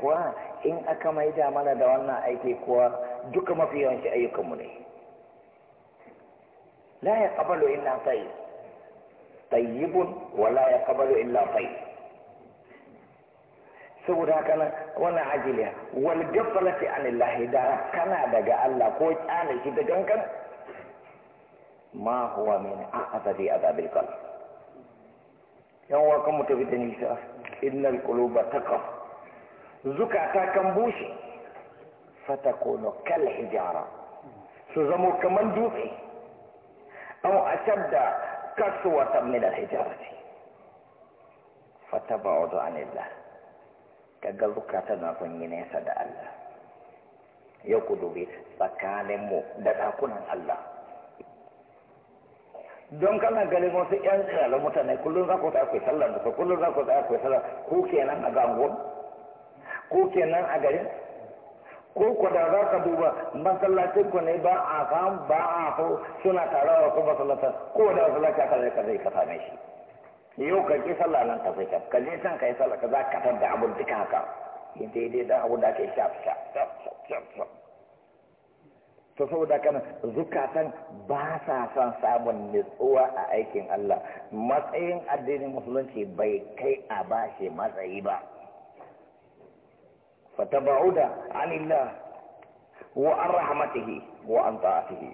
kuwa in aka mai da mana da wannan aiki kuwa duka mafi yawanci ayyukanmu ne la ya kabalu illa tayyib tayyibun wa la ya kabalu illa tayyib saboda haka nan wannan ajiliya wal gafalati anillahi da kana daga Allah ko kyale shi da gangan ما هو من أعظم أداب القلب يوم كم تبدأ نيسا إن القلوب تقف زكاة كمبوش فتكون كالحجارة سزمو كمن دوثي أو أشد كسوة من الحجارة فتبعد عن الله kaga zukata na kun yi nesa da Allah ya ku don kana ganin wasu yan tsirarin mutane kullum za ku ta akwai sallar da kullum za ku ta akwai sallar ko kenan a gangon ko kenan a garin ko ku da za ka duba masallacin ku ne ba a san ba a hau suna tare da su masallatan ko da masallacin ka zai ka zai ka same shi yau ka ki sallah nan ka zai ka ka je can ka yi sallah ka za ka tabbata abun duka haka daidai da abu da ake shafi shafi shafi shaf shaf to saboda kana zukatan ba sa son samun nutsuwa a aikin Allah matsayin addinin musulunci bai kai a bashi matsayi ba fatabauda anillah wa an rahmatihi wa an ta'atihi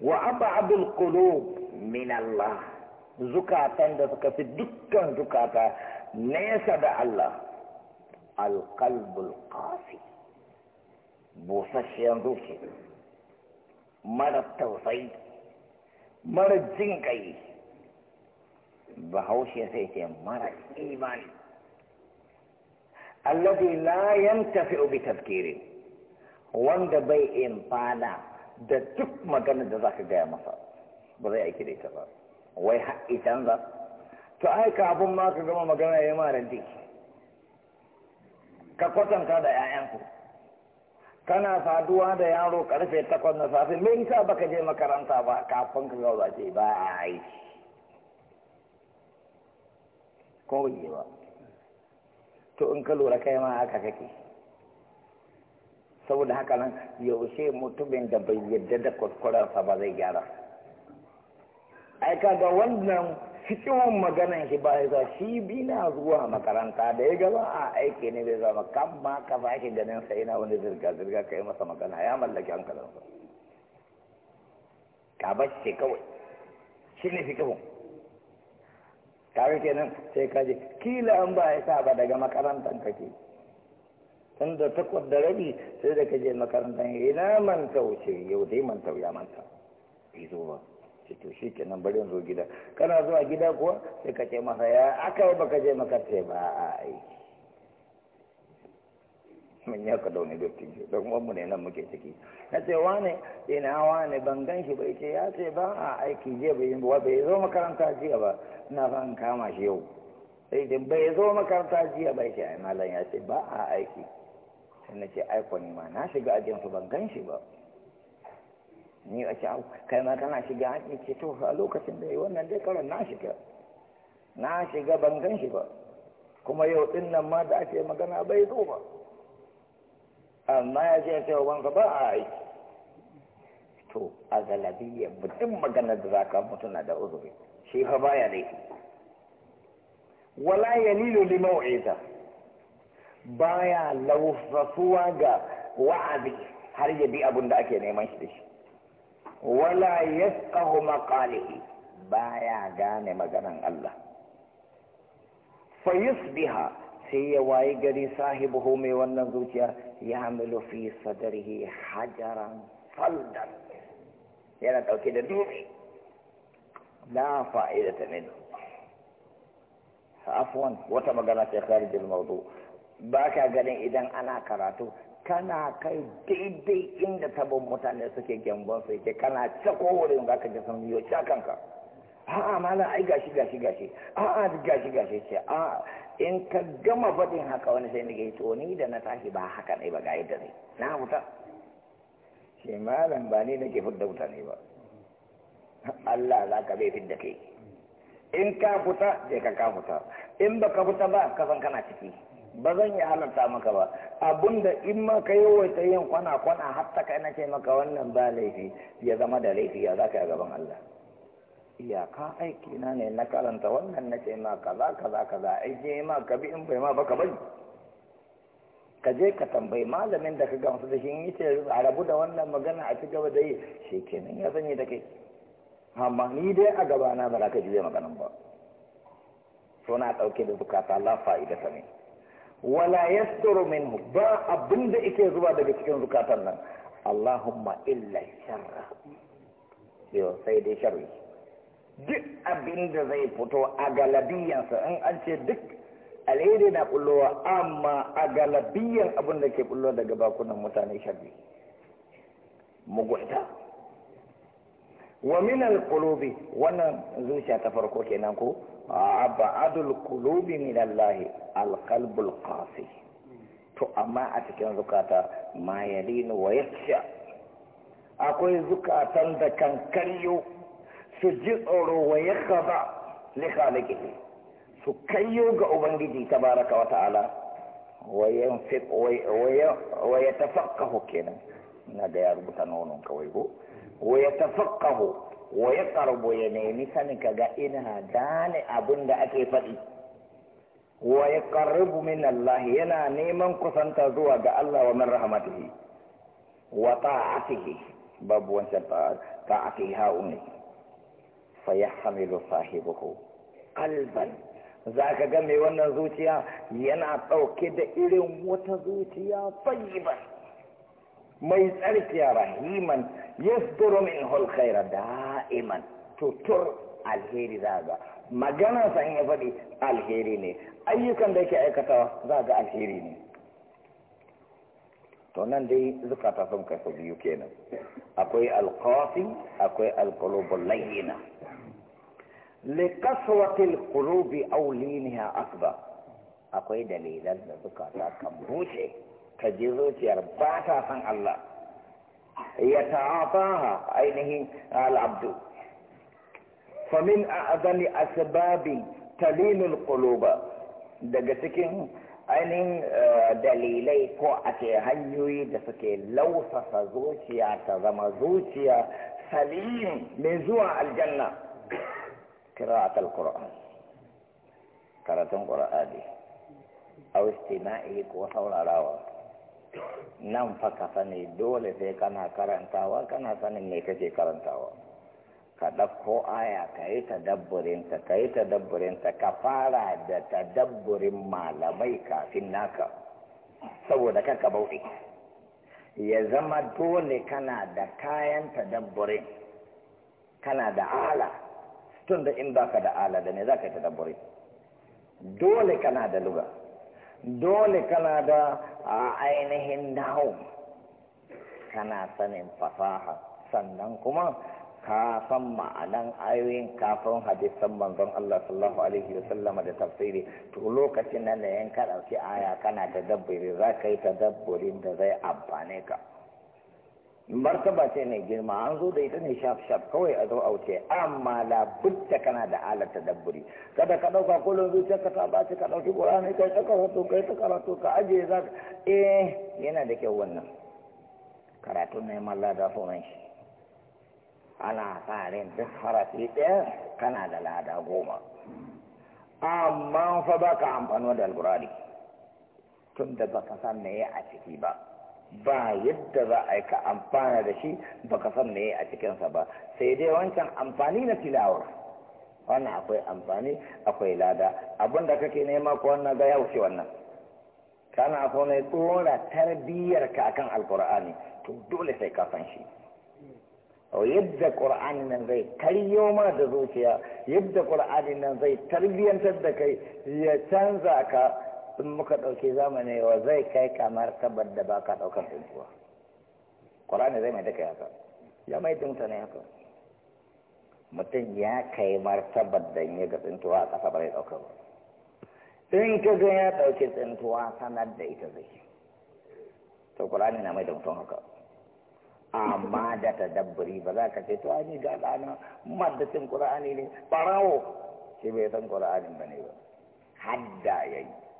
wa abadul qulub min Allah zukatan da suka fi dukkan zukata nesa da Allah alqalbul kafi busasshen zuci mara tausayi mara jin kai bahaushe sai ce mara imani allazi la yantafi'u bi tafkirin wanda bai imfana da duk maganar da zaka gaya masa ba zai aiki da ita ba wai haƙƙi canza to ai ka abun ma ka gama magana ya mara ka kwatanta da 'ya'yanku kana faduwa da yaro karfe takwas na safe me yasa baka je makaranta ba kafin ka gawa ce ba a yi ko ba to in ka lura kai ma haka kake saboda haka nan yaushe mutumin da bai yadda da kuskurarsa ba zai gyara ai ga wannan cikin maganan shi ba ya shi bina zuwa makaranta da ya gaba a aiki ne bai zama kan ma ka ba shi ganin sai na wani zirga-zirga ka yi masa magana ya mallaki hankalinsa ka ba ce kawai shi ne fikihun kawai kenan sai ka je kila an ba ya sa ba daga makarantar kake tun da takwas da rabi sai da ka je makarantar ina man wuce yau dai man ya manta bai zo ba ce to shi kenan bari zo gida kana zuwa gida kuwa sai ka ce masa ya aka yi baka je ce ba a aiki mun ya ka daune dokin shi don wanmu ne nan muke ciki na ce wane ina wane ban gan shi ba ce ya ce ba a aiki jiya bai ba bai zo makaranta jiya ba ina san kama shi yau sai ce bai zo makaranta jiya ba ce ai malam ya ce ba a aiki sai na ce ai ma na shiga ajin su ban gan shi ba ni a ce kai ma kana shiga ni ce to a lokacin da yi wannan dai karon na shiga na shiga ban gan shi ba kuma yau ɗin nan ma da ake magana bai zo ba amma ya ce ce wa ba a yi. to a galabiyya mutum magana da zaka mutu na da uzuri shi fa baya laifi wala ya lilo lima wa'iza baya laufafuwa ga wa'azi har ya bi abin da ake neman shi da shi wala yasqahu maqalihi baya gane maganan Allah fa yusbiha sai ya wayi gari sahibuhu mai wannan zuciya ya hamilu fi sadarihi hajaran faldan yana dauke da dubi la fa'ida ta min afwan wata magana ce kharijul mawdu ba ka ganin idan ana karatu kana kai daidai inda tabon mutane suke gyambon su yake kana cako wurin za ka ji sun yiwu ca kanka a'a mala ai gashi gashi gashi a'a gashi gashi ce a in ka gama faɗin haka wani sai nake to ni da na tashi ba haka ne ba ga yadda ne na wuta shi malam ba ni nake fidda wuta ne ba Allah za ka bai fidda kai in ka fita je ka ka fita in ka fita ba ka san kana ciki ba zan yi halatta maka ba abinda in ma ka yawaita yin kwana-kwana har ta kai na ce maka wannan ba laifi ya zama da laifi ya za ka yi gaban Allah ka aiki na ne na karanta wannan na ce ma kaza kaza kaza aiki ma ka bi in bai ma ba ka bari ka je ka tambayi malamin da ka gamsu da shi in ce a rabu da wannan magana a ci gaba da yi shi kenan ya sanye da kai amma ni dai a gabana ba za ka juya maganan ba so na ɗauke da bukata Allah fa'ida ta ne wala yasturu minhu ba abinda yake zuba daga cikin zukatan nan Allahumma illa sharra yo sai dai sharri duk abinda zai fito a galabiyansa in an ce duk alheri na bullowa amma a galabiyan abin da ke bullowa daga bakunan mutane sharri mugunta wa min alqulubi wannan zuciya ta farko kenan ko abadul qulubi min Allah alqalbul qasi to amma a cikin zukata ma yalinu wa akwai zukatan da kan su ji tsoro wa yakhaba li khaliqihi su karyo ga ubangiji baraka wa ta'ala wa yanfiq wa yatafaqahu kenan na ga ya rubuta nonon kawai ko wa yatafaqahu wa ya karbo ya nemi sanin ka ga ina gane abin da ake faɗi wa ya ƙarribu min Allah yana neman kusanta zuwa ga Allah wa min rahmatihi wa ta'atihi babu wancan ta'atihi ha'uni fa ya yahmilu sahibuhu kalban za ka ga mai wannan zuciya yana ɗauke da irin wata zuciya fayyibar mai tsarkiya rahiman yasduru minhu alkhaira da'iman tutur alheri za magana maganar sa ya faɗi alheri ne ayyukan da yake aikata, za alheri ne to nan dai zukata sun kai biyu kenan akwai alqasim akwai alqulubul layyina likaswatil alqulubi aw liniha asba akwai dalilan da zukata kan bushe ka ji zuciyar ba ta san Allah ya ta'ataha ainihin al'abdu famin a azami asbabin talinul quluba daga cikin ainihin eh, dalilai ko a ce hanyoyi da suke lausasa zuciya ta zama zuciya salim mai zuwa aljanna kira'at al-qur'an karatun qur'ani aw istina'i ko saurarawa nan fa ka sani dole sai kana karantawa kana sanin me kake karantawa ka ɗauko aya ka yi tadabburinta ka yi tadabburinta ka fara da tadabburin malamai kafin naka saboda kaka bauɗe ya zama dole kana da kayan tadabburin kana da ala tun da in baka da ala da ne za ka yi tadabburin dole kana da lugar dole kana da a ainihin dawo kana sanin fasaha sannan kuma ka san ma'anan ayoyin kafin hadisan manzon Allah sallallahu alaihi wasallam da tafsiri to lokacin nan da yanka dauki aya kana da za ka yi tadabburin da zai amfane ka martaba ce ne girma an zo da ita ne shaf shaf kawai a zo a wuce amma la budda kana da alat tadabburi kada ka dauka kullun ka ta bace ka dauki qur'ani kai ta karatu kai ta karatu ka aje za eh yana da kyau wannan karatun ne malla da sunan shi ana farin duk harafi ɗaya kana da lada goma amma fa baka amfano da alqur'ani tun da baka san me a ciki ba ba yadda za a yi ka amfana da shi ba ka san me a cikinsa ba sai dai wancan amfani na tilawar wannan akwai amfani akwai lada abin da kake nema ko wannan ga ya wuce wannan kana so ne tsora tarbiyyar ka akan alkur'ani to dole sai ka san shi yadda ƙur'ani nan zai karyo ma da zuciya yadda ƙur'ani nan zai tarbiyantar da kai ya canza ka in muka ɗauki zamani wa zai kai kamar tabbat da ba ka ɗaukar tsintuwa ƙwararri zai mai daga haka ya mai dinta na haka mutum ya kai martabar da ya ga tsintuwa a ƙasa bare ɗaukar ba in ka ga ya ɗauki tsintuwa sanar da ita zai to ƙwararri na mai da mutum haka amma da tadabburi ba za ka ce to yi ga ɗana maddacin ƙur'ani ne ɓarawo shi bai san ƙur'anin ba ne ba hadda yayi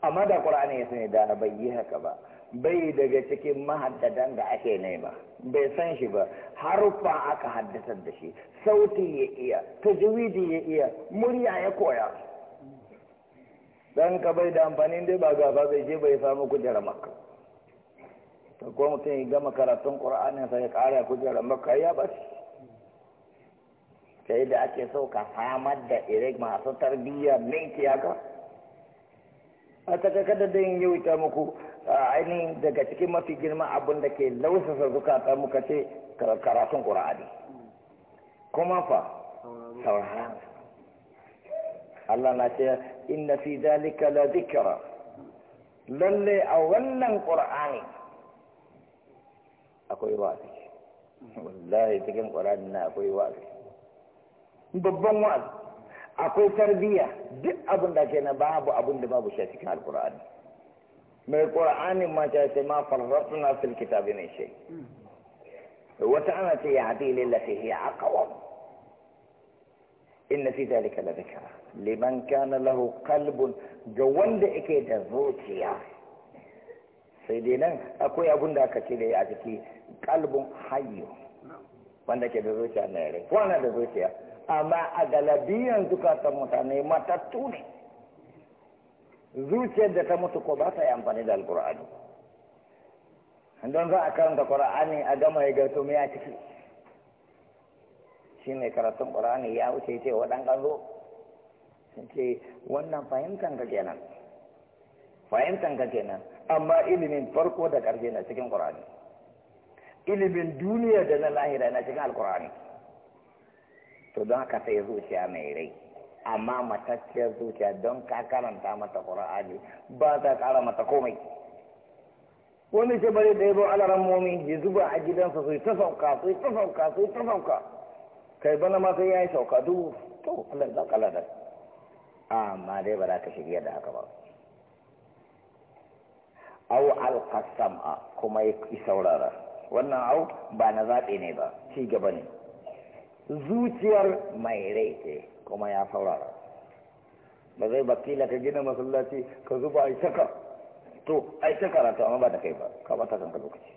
amma da ƙur'ani ya sani da bai yi haka ba bai daga cikin mahaddadan da ake nema bai san shi ba haruffa aka haddasa da shi sauti ya iya tajwidi ya iya murya ya koya dan ka bai da amfanin dai ba gaba bai je bai samu kujerar makka ta kuma mutum ya gama karatun ƙur'anin sai ya ƙara kujerar makka ya ba sai da ake so samar da irin masu tarbiyya mai tiyaka a takakadar da yin yawita muku a ainihin daga cikin mafi girma abin da ke lausasa zukata muka ce karatun ƙura'ani kuma fa sauraron Allah na ce inna fi zalika la zikra lalle a wannan ƙura'ani akwai wa'azi mm. wallahi cikin ƙura'ani na akwai wa'azi babban wa'azi akwai tarbiyya duk abin da ke na babu abin da babu shi a cikin alkur'ani mai qur'anin ma ta ce ma farratna fil kitabi ne shay wata ana ce ya hadi lillati hiya aqwam inna fi dhalika la dhikra liman kana lahu qalbun ga wanda yake da zuciya sai dai nan akwai abin da aka ce da a ciki qalbun hayyu wanda ke da zuciya na yare ko ana da zuciya amma a galabiyan ta mutane matattu ne zuciyar da ta mutu ko ba ta yi amfani da alkur'ani don za a karanta ƙura'ani a gama ya gato me a ciki shi ne karatun ƙura'ani ya wuce ce wa dan sun ce wannan fahimtan ka kenan fahimtan ka kenan amma ilimin farko da ƙarfe na cikin ƙura'ani ilimin duniya da na lahira na cikin alkur'ani to don haka sai zuciya mai rai amma matacciyar zuciya don ka karanta mata ƙura'ani ba ta ƙara mata komai wani ce bari da yabo alaran momi ya zuba a gidansa su ta sauka su ta sauka su ta sauka kai bana ma sai ya yi sauka dubu to Allah za ka A amma dai ba za ka shirya da haka ba au a kuma ya saurara wannan au ba na zaɓe ne ba ci gaba ne zuciyar mai rai kuma ya saurara ba zai bakila ka gina masallaci ka zuba a shaka to ai ta amma ba da kai ba ka ta kanka lokaci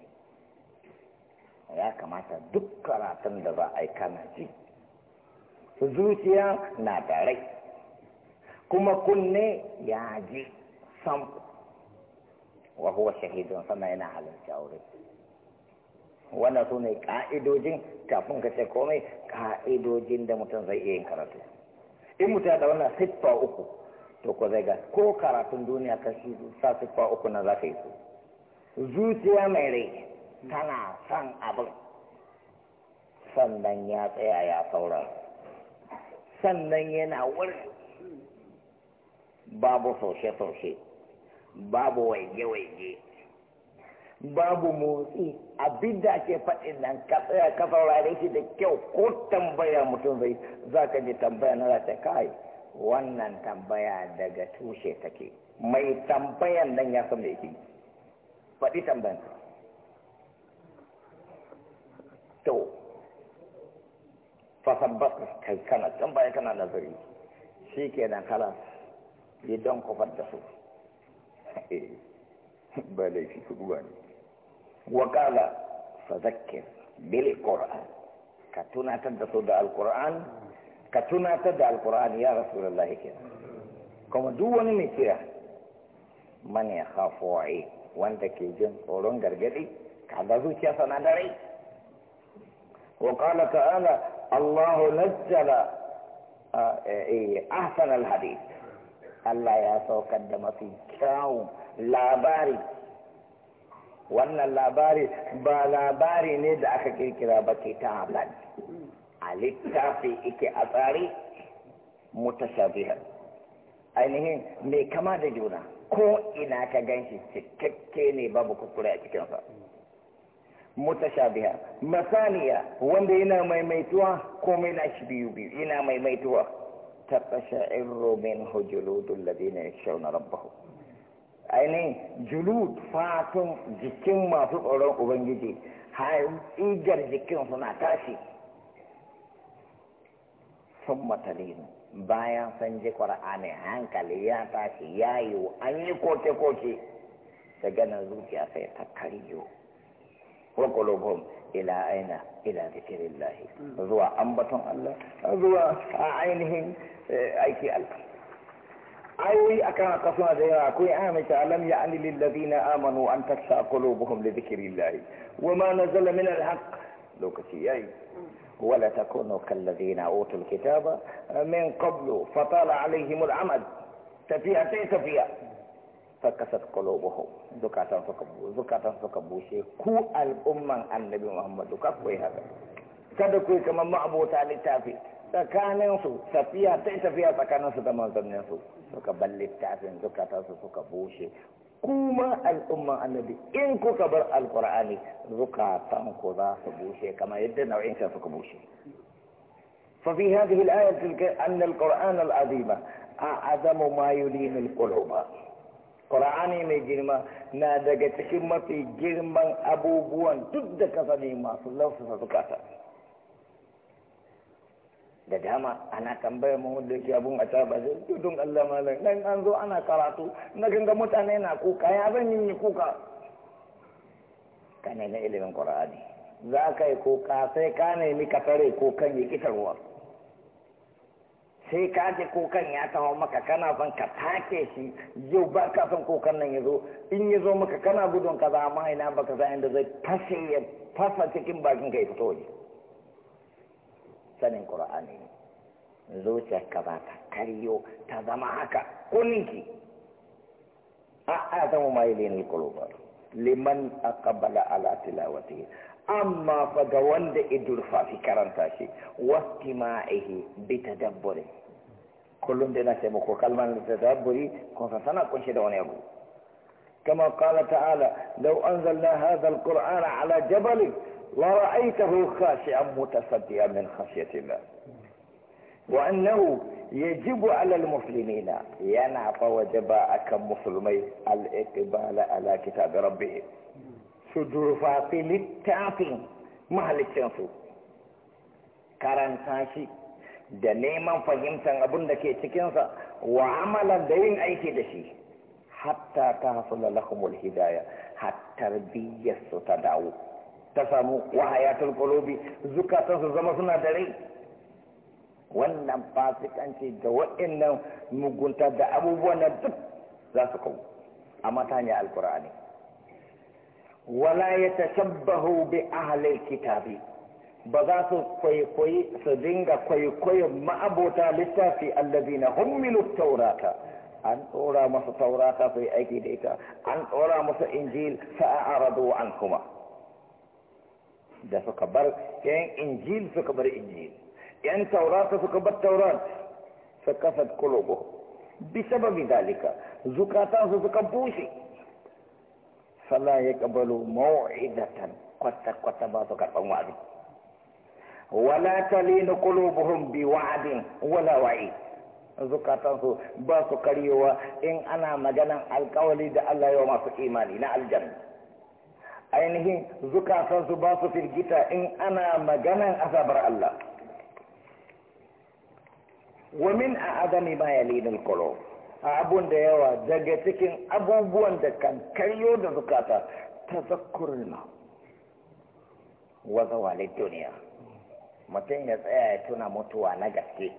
ya kamata duk karatun da za a yi kana ji zuciya na tare kuma kunne ya ji sam wa huwa shahidun sana yana halarci aure wannan su ne ka'idojin kafin ka ce komai ka'idojin da mutum zai iya yin karatu in mutum da wannan siffa uku to ko zai ga ko karatun duniya ka shi sa siffa uku na za ka yi su zuciya mai rai tana son abin sannan ya tsaya ya saura sannan yana wurin babu soshe-soshe babu waige-waige babu motsi abin da ake faɗin nan ka tsaya ka saurare shi da kyau ko tambaya mutum zai za ka ji tambaya na ta kai wannan tambaya daga tushe take mai tambayan nan ya san da yake faɗi tambayan to fasabbas kai kana tambaya kana nazari shi ke kalas yi don kofar da su eh, ba laifi kudu ba ne waƙala fazakir bilikur'an ka tunatar da su da alkur'an ka tunatar da alkur'an ya rasu lallahi ke kuma duk wani mai kira man ya hafo wa'i wanda ke jin tsoron gargadi ka da zuciya sana da rai waƙala ta'ala allahu nazzala ahsan alhadid Allah ya saukar da mafi kyawun labari wannan labari ba labari ne da aka kirkira ba ke ta halal a littafi ike a tsari mutashabihar ainihin mai kama da juna ko ina ka ganshi cikakke ne babu kuskure a cikinsa mutashabiha masaniya wanda yana maimaituwa komai na shi biyu biyu yana maimaituwa ta ƙasha irro min hujuludun ladina yashawna ainihin julud fatun jikin masu tsoron ubangiji har tsigar jikin suna tashi sun matalinu bayan san ji ƙwar'ani hankali ya tashi ya yiwu an yi koke-koke da ganin zuciya sai ta karyo wakulubun ila aina ila zikirin lahi hmm. zuwa ambaton Allah zuwa a ainihin eh, aiki Allah أي أكان قصنا ديرا كوي آمتا ألم يعني للذين آمنوا أن تكسى قلوبهم لذكر الله وما نزل من الحق لو أي ولا تكونوا كالذين أوتوا الكتاب من قبل فطال عليهم العمد تفيا تفيا فكست قلوبهم زكاة فكبو زكاة فكبو شيء كو الأمة النبي محمد كفوي هذا كذا كوي كما على للتافي tsakaninsu tafiya ta tafiya tsakaninsu da su suka balle tafin suka ta su suka bushe kuma al'umma annabi in ku ka bar alkur'ani zukatan ku za su bushe kamar yadda nau'in sa suka bushe fa fi hadhihi al-aya tilka anna al-qur'an al-azima a'zamu ma yulim al-quluba qur'ani mai girma na daga cikin mafi girman abubuwan duk da kasani masu lausa zukatan da dama ana tambayar mu wanda yake abun a taba zai tudun Allah malam dan an zo ana karatu na ganga mutane na kuka ya zan yin yi kuka ka nemi ilimin qur'ani za ka yi kuka sai ka nemi ka tare kukan yi kitarwa sai ka ji kukan ya taho maka kana son ka take shi yau ba ka son kukan nan ya zo in ya zo maka kana gudun kaza amma ina baka san inda zai fashe ya fasa cikin bakin ka ya fito waje sanin ƙura'ani ne zuciyarka ba ta karyo ta zama haka kuninki a adamu ma yi lenin kulubar liman aqbala ala tilawati amma fa ga wanda idurfa fi karanta shi wastima'ihi bi tadabburi kullum dai na ce muku kalmar tadabburi kun san sana kunshi da wani abu kama qala ta'ala an anzalna hadha alqur'ana ala jabalin ورأيته خاشعا متصديا من خشية الله وأنه يجب على المسلمين ينعط وجباء كمسلمي الإقبال على كتاب ربه سجر فاطي للتعفين مع التنسو كران ساشي دنيما فهمتا fahimtar abin da ke cikinsa wa amalan da yin aiki da shi hatta ta ta samu wahayatul qulubi zukatan su zama suna da rai wannan fasikanci da waɗannan mugunta da abubuwan na duk za su kawo a ta alkur'ani wala ya tashabbahu bi ahlil kitabi ba za su kwaikwayi su dinga kwaikwayon ma'abota littafi na hummilu taurata an tsora masa taurata su yi aiki da ita an tsora masa injil fa'a aradu an kuma da suka bar yan injil suka bar injil yan taurata suka bar taurat sakasat kulubu sababi dalika zukatan su suka bushe fala ya kabalu mau'idatan kwata kwata ba su karban wa'adi wala talinu kulubuhum bi wa'adin wala wa'i zukatan su ba su karyewa in ana maganan alkawali da Allah ya masu imani na aljanna ainihin zukatansu ba su firgita in ana maganan asabar Allah wamin a adami ma kolo a abun da yawa daga cikin abubuwan da kan karyo da zukata tazakkurul ma wa wale duniya mutum ya tsaya ya tuna mutuwa na gaske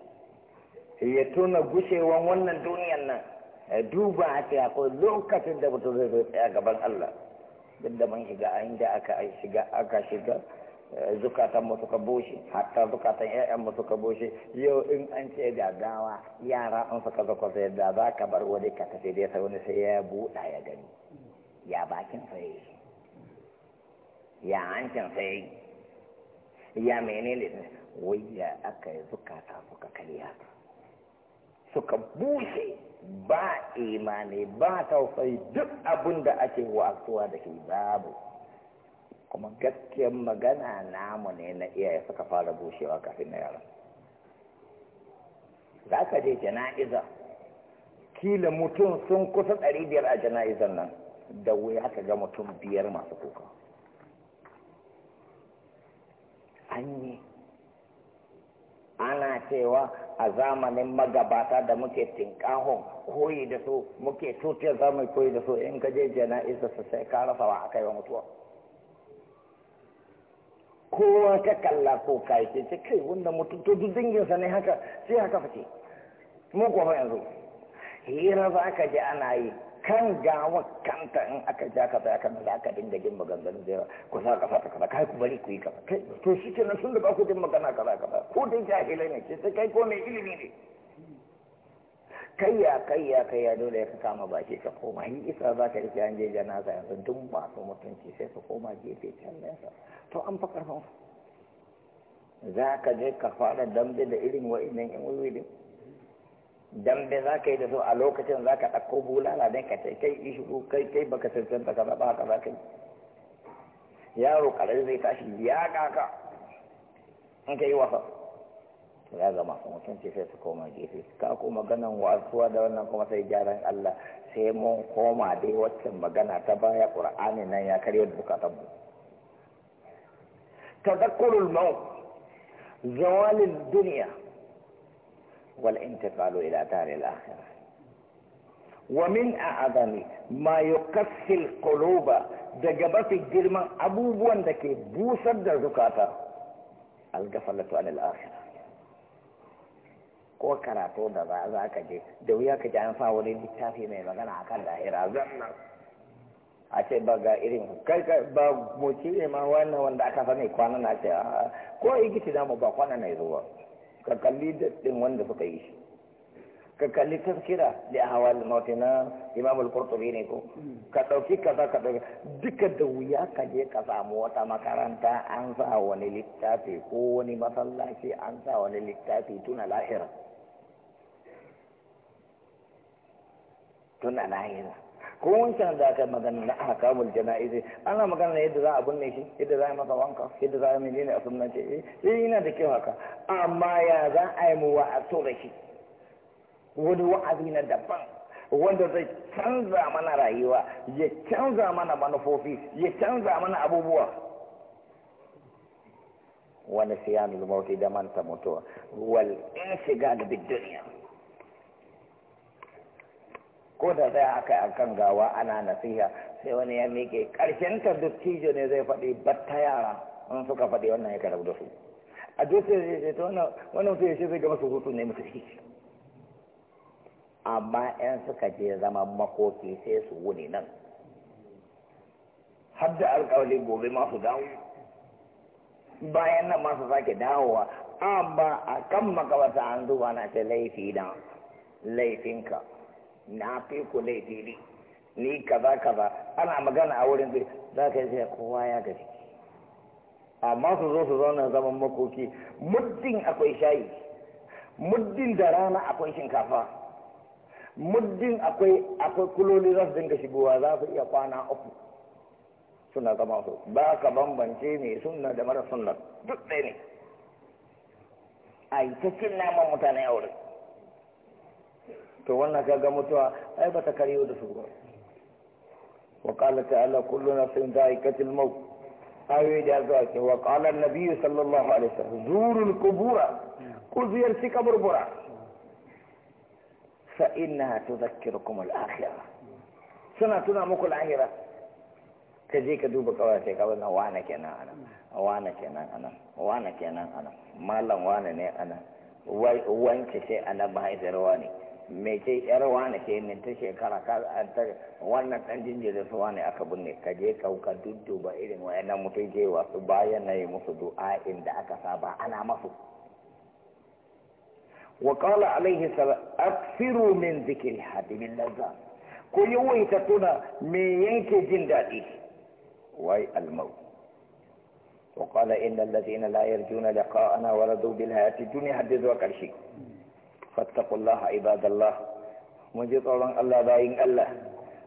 ya tuna gushewan wannan duniyan nan ya duba a ce akwai lokacin da mutum zai tsaya gaban Allah duk da mun shiga a inda aka shiga aka shiga eh, zukatan mu suka bushe hatta zukatan ƴaƴan mu suka bushe yau in an ce da dawa yara an suka zaka sai da za ka bar wani ka tafi dai sai wani sai ya buɗa ya gani ya bakin sai ya hancin sai ya menene wai ya aka yi zukata suka karya suka bushe ba imani ba tausayi duk abin da ake wasuwa da shi babu kuma gaskiyar magana namu ne na iyaye suka fara bushewa kafin na yara za ka je jana'iza kila mutum sun kusa ɗari biyar a jana'izar nan da wuya ka ga mutum biyar masu kuka an yi ana cewa a zamanin magabata da muke tinkahon koyi da su muke tutiyar za mu koyi da su in ka je jana'iza su sai ka rasa wa aka yi wa mutuwa kowa ka kalla ko ka yi ce kai wanda mutum to duk sa ne haka sai haka fice mu kuwa yanzu hira za ka je ana yi kan gawa kanta in aka ja ka tsaya kan za ka dinga jin maganganun da yawa ku sa kafa ta kaza kai ku bari ku yi kaza kai to shi ke nan sun da ba ku jin magana kaza kaza ko dai jahilai ne ce sai kai ko mai ilimi ne kayya kayya kayya dole ya kama baki ka koma yi isa za ka rike an je janaza yanzu duk masu mutunci sai ka koma gefe can nesa to an fa karfan za ka je ka fara dambe da irin wa'innan yan wuri dambe za ka yi da su a lokacin za ka ɗauko bulala don ka ce kai ishu kai kai baka cancanta ka ba haka za ka yi yaro ƙarar zai tashi ya kaka in ka yi wasa ya zama ce sai su koma gefe ka ko maganan wasuwa da wannan kuma sai gyaran Allah sai mun koma dai waccan magana ta baya ƙur'ani nan ya karya bukatan mu tadakkurul mau zawalin duniya والانتقال إلى دار الآخرة ومن أعظم ما يكفي القلوب دجبت الجرم أبوبوا دكي بوسد زكاتا الغفلة عن الآخرة ko karatu da ba za ka je da wuya ka ji an sa wani littafi mai magana akan lahira zanna a ce ba ga irin kai ba mu ci ne ma wannan wanda aka sani kwana na ce ko igiti da mu ba kwana na zuwa ka kalli din wanda suka yi shi ka kalli tafkira da ahwal maut na imam al-qurtubi ne ko ka dauki kaza ka dauki duka da wuya ka je ka samu wata makaranta an sa wani littafi ko wani masallaci an sa wani littafi tuna lahira tuna lahira ko wancan da aka magana na aka kawo jana'izi ana magana yadda za a binne shi yadda za a masa wanka yadda za a mai ne a sunan ce eh, eh yana da kyau haka amma ya za a yi mu a da shi wani wa'azi na daban wanda zai canza mana rayuwa ya canza mana manufofi ya canza mana abubuwa wani siyanul mauti da manta mutuwa wal shiga da duk duniya ko da zai aka a kan gawa ana nasiha sai wani ya miƙe ƙarshen ta dattijo ne zai faɗi batta yara in suka faɗi wannan ya karau da su a dutse zai ce ta wannan mutum ya shi zai gama su hutu ne musu amma yan suka je zama makoki sai su wuni nan har da alƙawali gobe ma dawo bayan nan ma sake dawowa amma a kan makabarta an zuba na ce laifi dan laifinka na fi ku laifi ne ni kaza kaza ana magana a wurin zai za ka yi kowa ya gaji amma su zo su zauna zaman makoki muddin akwai shayi muddin da rana akwai shinkafa muddin akwai akwai kuloli za su dinga shigowa za su iya kwana uku suna zama su ba ka bambance ne sunna da mara sunna duk ɗaya ne a yi ta cin naman mutane a wurin to wannan ga mutuwa ai ba ta kariyo da su ba wa qala ta'ala kullu nafsin dha'iqatul maut ayoyi da zuwa ce wa qala an-nabiy sallallahu alaihi wasallam zurul qubura ku ziyarci kaburbura fa innaha tudhakkirukum al-akhirah suna tuna muku al-akhirah ka je ka duba kawai sai ka wannan wane kenan anan wane kenan anan wane kenan anan malam wane ne ana, anan wance ce anan mahaifiyar wane mai ce yar wane ce min ta shekara ka ta wannan dan jinjirin su wani aka binne ka je kauka dudduba irin wayannan mutun ke wasu bayan nayi musu du'a inda aka saba ana masu wa qala alaihi salam akthiru min dhikri hadimin lazza ko yawaita tuna me yanke jin dadi wai al wa qala almaut la yarjuna liqa'ana wa radu bil hayati dunya hadd حدثوا وكرشي fattaqullaha ibadallah mun ji tsoron Allah bayin Allah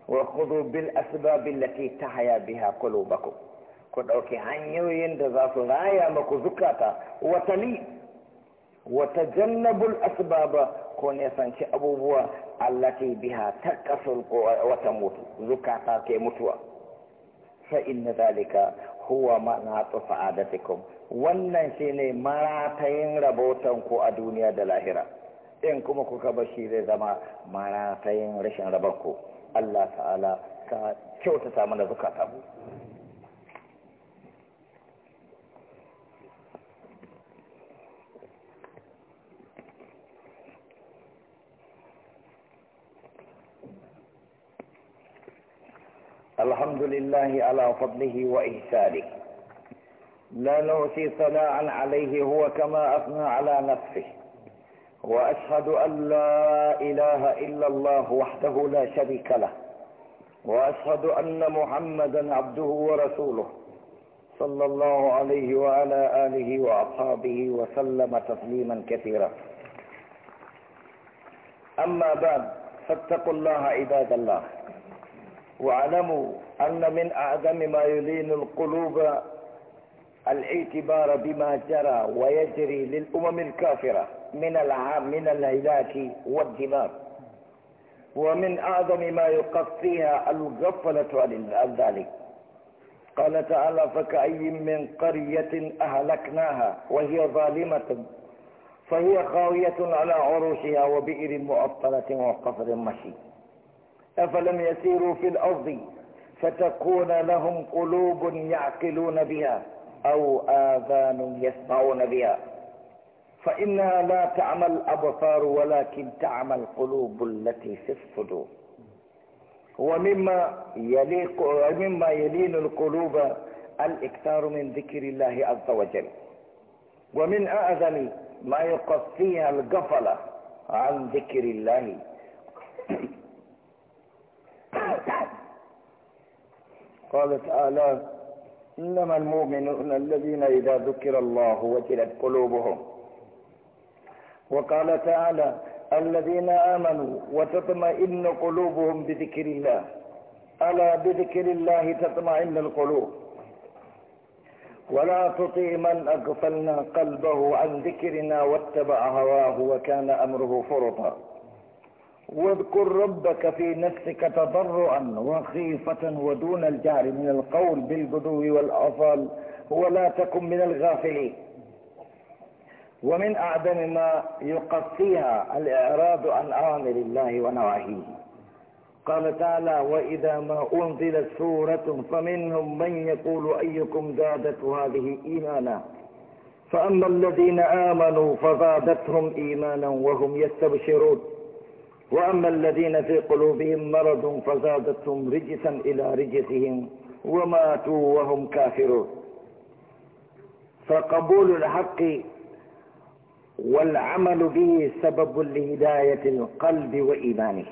wa khudhu bil asbab allati tahya biha qulubakum ku dauki hanyoyin da za su raya maku zukata watali wata jannabul asbaba ko nisanci abubuwa allati biha takasul wata mutu zukata ke mutuwa fa inna zalika huwa ma'natu sa'adatikum wannan shine maratayin rabotan ku a duniya da lahira in kuma kuka bashi zai zama mara sayin rashin rabanku Allah ta'ala ka kyautata mana zukata mu الحمد لله على فضله وإحسانه لا نعطي ثناء عليه هو كما أثنى على نفسه وأشهد أن لا إله إلا الله وحده لا شريك له وأشهد أن محمدا عبده ورسوله صلى الله عليه وعلى آله وأصحابه وسلم تسليما كثيرا أما بعد فاتقوا الله عباد الله واعلموا أن من أعظم ما يلين القلوب الاعتبار بما جرى ويجري للأمم الكافرة من العام من العلاك والدمار ومن أعظم ما يقفيها الغفلة عن ذلك قال تعالى فكأي من قرية أهلكناها وهي ظالمة فهي خاوية على عروشها وبئر مؤطلة وقصر مشي أفلم يسيروا في الأرض فتكون لهم قلوب يعقلون بها أو آذان يسمعون بها فإنها لا تعمى الأبصار ولكن تعمى القلوب التي في الصدور ومما يليق ومما يلين القلوب الإكثار من ذكر الله عز وجل ومن أعظم ما يقصيها القفلة عن ذكر الله قال تعالى إنما المؤمنون الذين إذا ذكر الله وجلت قلوبهم وقال تعالى الذين آمنوا وتطمئن قلوبهم بذكر الله ألا بذكر الله تطمئن القلوب ولا تطيع من أغفلنا قلبه عن ذكرنا واتبع هواه وكان أمره فرطا واذكر ربك في نفسك تضرعا وخيفة ودون الجهر من القول بالبدو والأصال ولا تكن من الغافلين ومن أعدم ما يقصيها الإعراض عن أوامر الله ونواهيه قال تعالى وإذا ما أنزلت سورة فمنهم من يقول أيكم زادت هذه إيمانا فأما الذين آمنوا فزادتهم إيمانا وهم يستبشرون وأما الذين في قلوبهم مرض فزادتهم رجسا إلى رجسهم وماتوا وهم كافرون فقبول الحق والعمل به سبب لهداية القلب وإيمانه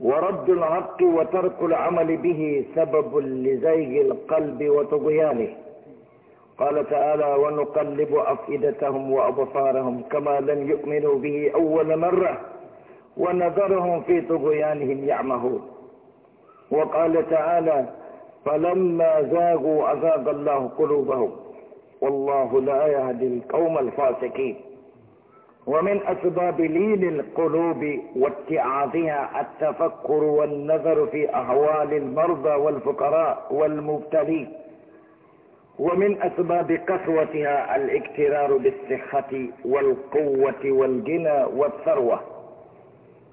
ورد الحق وترك العمل به سبب لزيغ القلب وطغيانه قال تعالى ونقلب أفئدتهم وأبصارهم كما لم يؤمنوا به أول مرة ونذرهم في طغيانهم يعمهون وقال تعالى فلما زاغوا أزاغ الله قلوبهم والله لا يهدي القوم الفاسقين ومن أسباب لين القلوب واتعاظها التفكر والنظر في أهوال المرضى والفقراء والمبتلين ومن أسباب قسوتها الاكترار بالصحة والقوة والجنى والثروة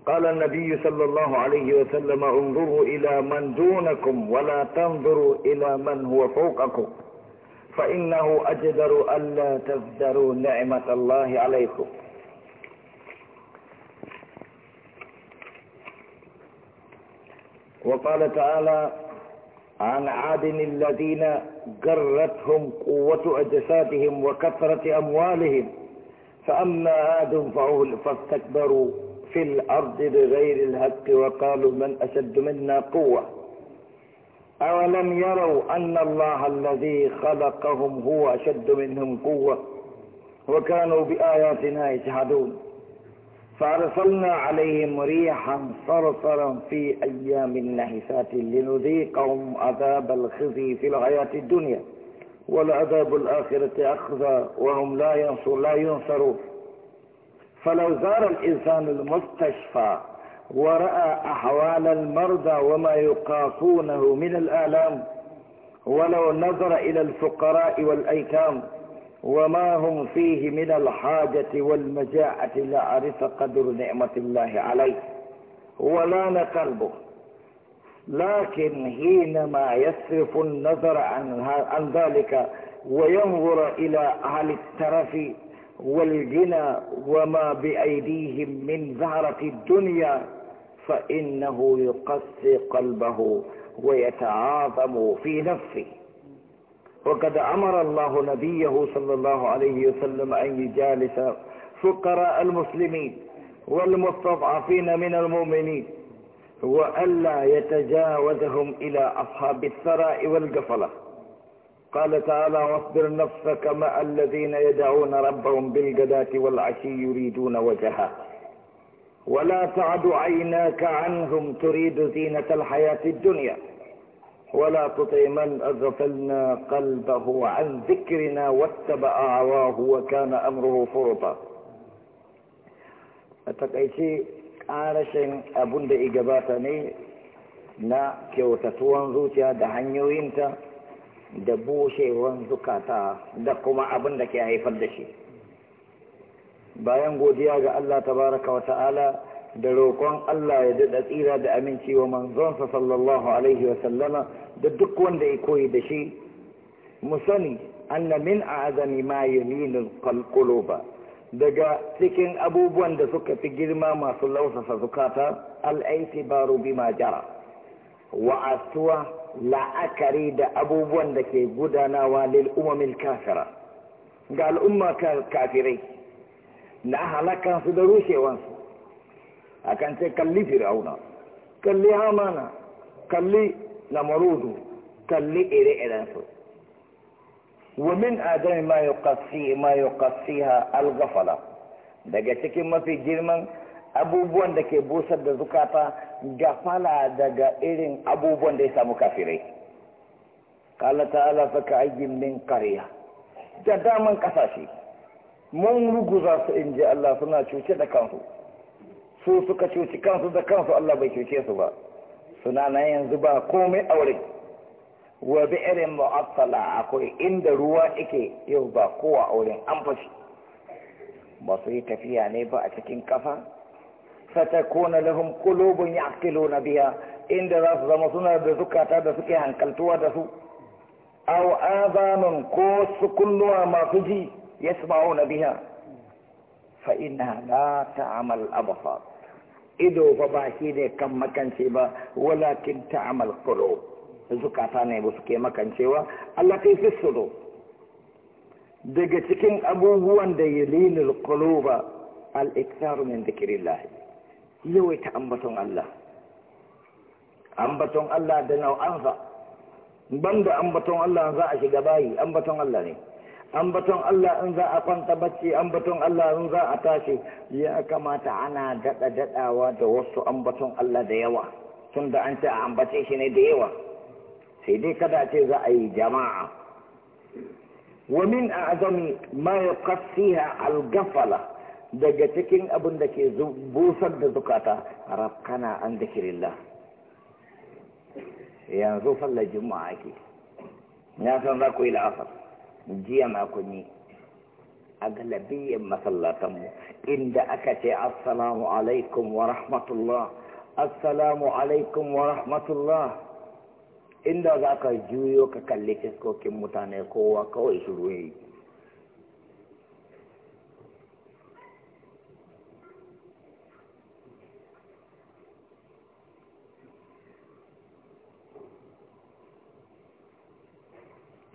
قال النبي صلى الله عليه وسلم انظروا إلى من دونكم ولا تنظروا إلى من هو فوقكم فإنه أجدر ألا تزدروا نعمة الله عليكم وقال تعالى عن عاد الذين جرتهم قوة أجسادهم وكثرة أموالهم فأما عاد فاستكبروا في الأرض بغير الحق وقالوا من أشد منا قوة أولم يروا أن الله الذي خلقهم هو أشد منهم قوة وكانوا بآياتنا يجحدون فأرسلنا عليهم ريحا صرصرا في أيام نحسات لنذيقهم عذاب الخزي في الحياة الدنيا والعذاب الآخرة أخذى وهم لا ينصر لا ينصرون فلو زار الإنسان المستشفى ورأى أحوال المرضى وما يقافونه من الآلام ولو نظر إلى الفقراء والأيتام وما هم فيه من الحاجة والمجاعة لعرف قدر نعمة الله عليه ولان قلبه لكن حينما يصرف النظر عن, عن ذلك وينظر إلى أهل الترف والجنى وما بأيديهم من زهرة الدنيا فإنه يقسي قلبه ويتعاظم في نفسه وقد أمر الله نبيه صلى الله عليه وسلم أن يجالس فقراء المسلمين والمستضعفين من المؤمنين وألا يتجاوزهم إلى أصحاب الثراء والقفلة قال تعالى واصبر نفسك مع الذين يدعون ربهم بالغداة والعشي يريدون وجهه ولا تعد عيناك عنهم تريد زينة الحياة الدنيا ولا تطع من أغفلنا قلبه عن ذكرنا واتبع عواه وكان أمره فرطا أتقيتي عارش أبن إجاباتني نا كيو تتوان زوتيا دهنيو انت دبوشي وانزكاتا دقما أبن دكي هيفدشي bayan godiya ga Allah tabaraka wa ta'ala da roƙon Allah ya daɗa tsira da aminci wa manzonsa sallallahu alaihi wa sallama da duk wanda ya koyi da shi mu sani anna min azami ma yulinu qalquluba daga cikin abubuwan da suka fi girma masu lausasa zukata al'aitibaru bima jara wa'astuwa la'akari da abubuwan da ke gudanawa lil umamil kafira ga al'umma kafirai na halakansu da rushewansu a kan ce kalli fir'auna kalli hamana kalli lamarudu kalli ire-irensu ومن آدم ma يقصي ما ha الغفلة daga cikin mafi girman abubuwan da ke busar da zukata gafala daga irin abubuwan da ya samu kafirai kala ta'ala faka ayyin min kariya da daman kasashe mun ruguza su in ji Allah suna cuce da kansu su suka cuci kansu da kansu Allah bai cuce su ba suna na yanzu ba komai aure wa bi irin mu'attala akwai inda ruwa yake yau ba kowa auren an fashi ba su yi tafiya ne ba a cikin kafa kona lahum qulubun na biya, inda za su zama suna da zukata da suke hankaltuwa da su aw adanun ko su kulluwa masu ji يسمعون بها فإنها لا تعمل الأبصار ido fa ba shi ne kan makance ba walakin ta'amal qulub zukata ne ba suke makancewa Allah kai fi sudo daga cikin abubuwan da yalinul quluba al ikthar min dhikrillah yawai ta ambaton Allah ambaton Allah da nau'ansa banda ambaton Allah za a shiga bayi ambaton Allah ne baton Allah in za a kwanta bacci baton Allah in za a tashi ya kamata ana daɗa daɗawa da wasu ambaton Allah da yawa tun da an ce a ambace shi ne da yawa sai dai kada ce za a yi jama'a wa min a'zami ma yuqassiha al-ghafala daga cikin abin da ke busar da zukata rafkana an dhikrillah yanzu fallar juma'a ake na san za ku yi la'asar jiya makonni a galabiyyar masallatanmu inda aka ce assalamu alaikum wa rahmatullah assalamu alaikum wa rahmatullah inda za ka juyo ka kalli fiskokin mutane kowa kawai shiru yi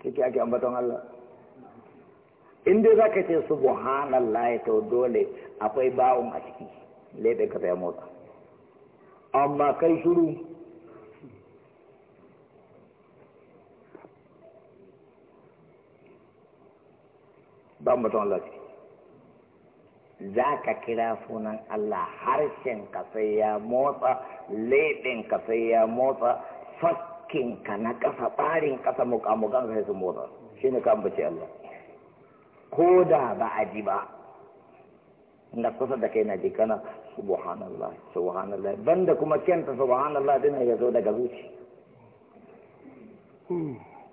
Kiki ake ambaton Allah. in dai zaka ce subhanallahi to dole akwai bawon a ciki lebe ka ta motsa amma kai shiru ba ta Allah ciki za ka kira sunan Allah harshen ka sai ya motsa leɓen ka sai ya motsa fakkin ka na ƙasa ɓarin ƙasa muƙamuƙan sai su motsa shi ne ka ambace Allah ko da ba a ji ba inda kusa da kai na ji kana subhanallah subhanallah banda kuma kyanta subhanallah din ya zo daga zuci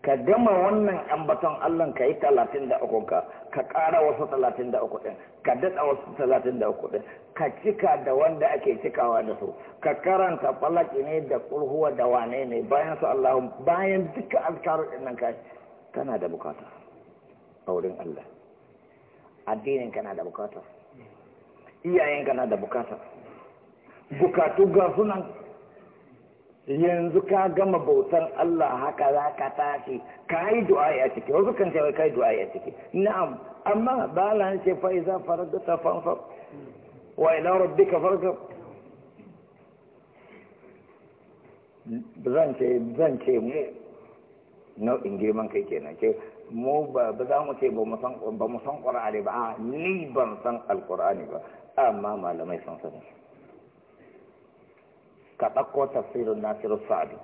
ka gama wannan ambaton Allah ka yi talatin da uku ka ka ƙara wasu talatin da uku ɗin ka daɗa wasu talatin da uku ɗin ka cika da wanda ake cikawa da su ka karanta falaki ne da kurhuwa da wane ne bayan su Allah bayan duka azkaru ɗin nan kai kana da bukata a wurin Allah addinin kana da bukata iyayen kana da bukata bukatu ga sunan yanzu ka gama bautan Allah haka za ka tashi ka yi du'a ya ciki wasu kan ce kai du'a ya ciki na'am amma ba la ce fa iza faradta fanfa wa ila rabbika farghab zan ce zan ce mu nau'in girman kai kenan ke. mu ba za mu ce ba mu san ƙur'ani ba a ni ban san alƙur'ani ba amma malamai sun sani ka ɗakko tafsirin nasiru sa'adu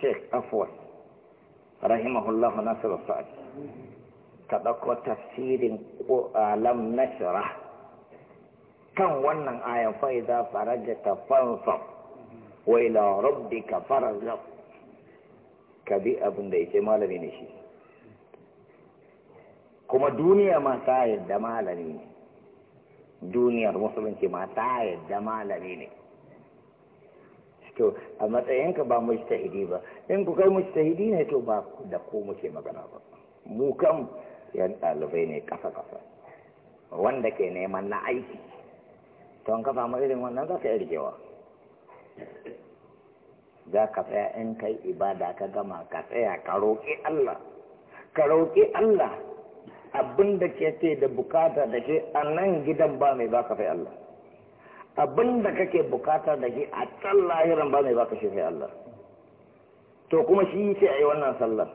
sheikh afwan rahimahullah nasiru sa'adu ka ɗakko tafsirin alam shara kan wannan ayan fa'iza farajata fansab wa rubdi rabbika farghab ka bi abin da ce malami ne shi kuma duniya ma ta yadda malami ne duniyar musulunci ma ta yadda malami ne to a matsayinka ba mujtahidi ba in ku kai mujtahidi ne to ba da ko muke magana ba mu kan yan ɗalibai ne kasa kasa wanda ke neman na aiki to an kafa irin wannan za ka yi za ka tsaya in kai ibada ka gama ka tsaya ka roƙi Allah ka roƙi Allah abin da ke ce da bukata da ke a nan gidan ba mai baka fai Allah abin da kake bukata da ke a can lahiran ba mai baka shi fai Allah to kuma shi ce a yi wannan sallar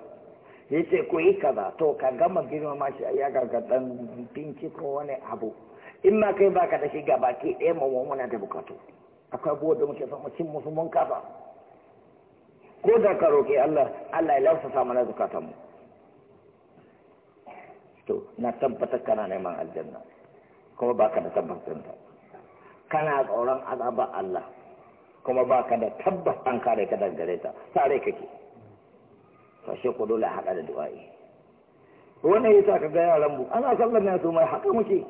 ya ce ku yi kaza to ka gama girmama shi a ya gargadan binci ko wani abu in ma kai baka da shi ga baki ɗaya wani muna da bukatu akwai abubuwa da muke son cin musu mun kafa ko da ka roƙi Allah Allah ya lausasa mana mu. to na tabbatar kana neman aljanna kuma baka da tabbatar ta kana tsoron azaba Allah kuma baka da tabbas an kare ka daga gare ta tare kake to shi ku dole hada da du'a'i wannan yasa ka ga yaran mu ana sallar ne su mai haka muke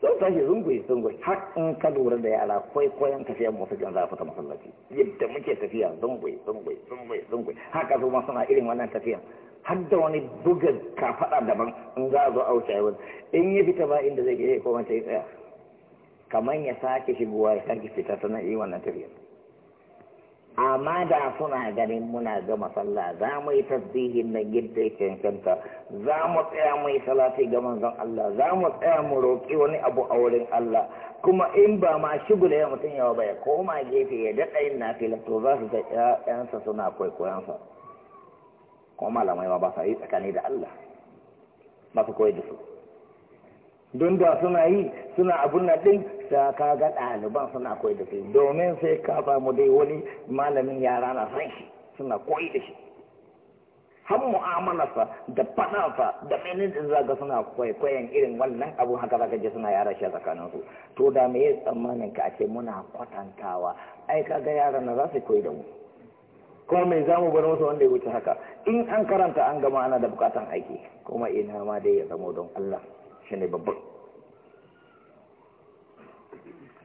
sun tashi zunguyi zungu har in ka lura da yara kwaikwayon tafiya masu jan zafi ta masallaci yadda muke tafiya zungu zunguyi zungu zunguyi haka su ma suna irin wannan tafiyan Hadda da wani ka kafaɗa daban in za a zo a wuce in ya fita ba inda zai iya koma yi tsaya kamar ya sake shigowa ya sake fita ta nan yi wannan tafiyar amma da suna ganin muna gama sallah za mu yi tasbihin na gidda ya za mu tsaya mu yi salati ga manzon Allah za mu tsaya mu roƙi wani abu a wurin Allah kuma in ba ma shigula ya mutum yawa ba ya koma gefe ya daɗa yin nafila to za su ga ƴaƴansa suna kwaikwayonsa kuma malamai ma ba sa yi tsakani da Allah ba su koyi da su don da suna yi suna abun nan din ka ga ɗaliban suna koyi da su domin sai ka mu dai wani malamin yara na san shi suna koyi da shi har mu'amalarsa da fadansa da menin da ga suna kwaikwayon irin wannan abu haka za zaka je suna yara shi a tsakaninsu to da me ya tsammanin ka a muna kwatantawa ai ka ga yara na za su koyi da mu kuma mai za mu bar musu wanda ya wuce haka in an karanta an gama ana da bukatan aiki kuma ina ma dai ya zamo don Allah shi ne babban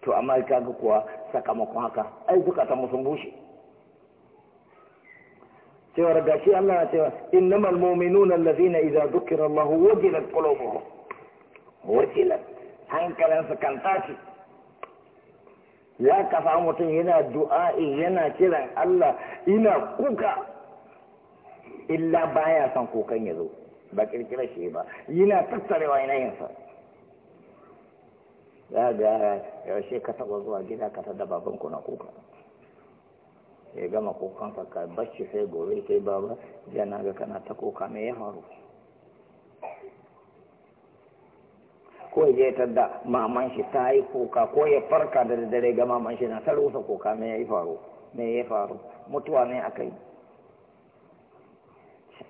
to amma kaga kuwa sakamakon haka ai mu sun bushe cewa gashi Allah ya cewa innamal mu'minuna allazina idza dhukira Allahu wajilat qulubuhum wajilat hankalansu kan tashi ya kafa mutum yana du'a'i yana kiran Allah ina kuka illa baya son kukan ya zo ba kirkira shi ba yana tattarewa yana yin sa za ga yaushe ka taba zuwa gida ka ta baban ku na kuka ya gama kukan ka bashi sai gobe sai baba jana ga kana ta kuka mai ya faru ko ya je da maman shi ta yi kuka ko ya farka da dare ga maman shi na ta rusa kuka me ya faru me ya faru mutuwa ne aka yi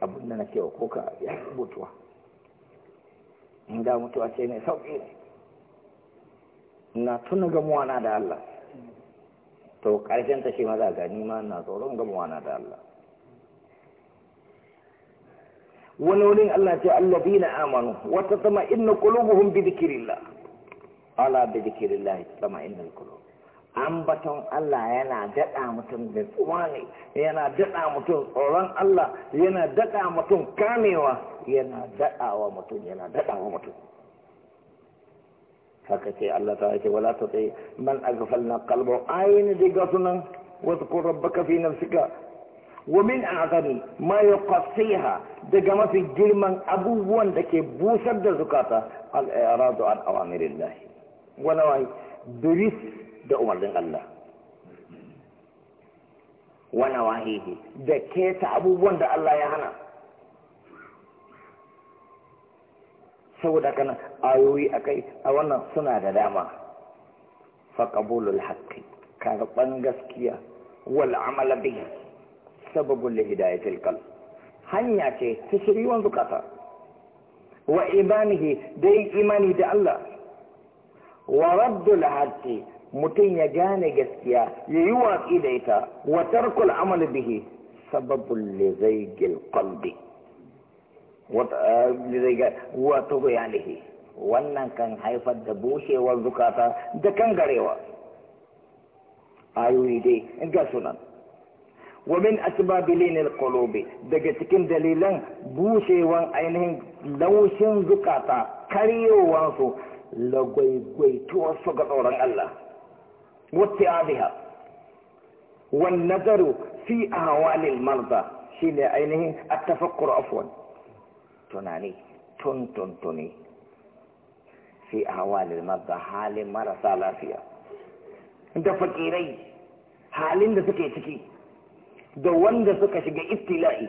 abin da na cewa kuka ya mutuwa inda mutuwa ce mai sauƙi na tuna gamuwa na da Allah to ƙarshen ta shi maza gani ma na tsoron gamuwa na da Allah wani wurin Allah ce na amanu Wata wa tatma'innu qulubuhum bi dhikrillah ala bi dhikrillah tatma'innul qulub ambaton Allah yana daɗa mutum da ne yana daɗa mutum tsoron Allah yana daɗa mutum kamewa yana daɗawa mutum yana daɗawa mutum haka ce Allah ta ce wala ta tsaye man aghfalna qalbahu ayin diga sunan wa zkur rabbaka fi nafsika wa min azami ma yuqassiha daga mafi girman abubuwan da ke busar da zukata al-iradu an awamirillah wa nawahi duris da umarnin Allah wa nawahihi da keta abubuwan da Allah ya hana saboda kana ayoyi akai a wannan suna da dama fa qabulul haqqi karban gaskiya wal amala bihi sababul hidayatil qalb hanya ce ta shiriwan zukata wa imanihi da imani da Allah wa rabdu mutum ya gane gaskiya ya yi watsi da ita wa tarkul amal bihi sababun lizaigil qalbi wa tughyanihi wannan kan haifar da bushewar zukata da kan garewa ayoyi dai ga sunan ومن أسباب لين القلوب دقتكم دليلا بوشي وان أينهم لوشن زكاتا كريو وانسو لغوي غوي توسق أورا الله واتعادها والنظر في أهوال المرضى شين أينهم التفكر عفوا تناني تن تن تني في أهوال المرضى حال مرسى لا فيها da fakirai halin da suke ciki da wanda suka shiga istila'i.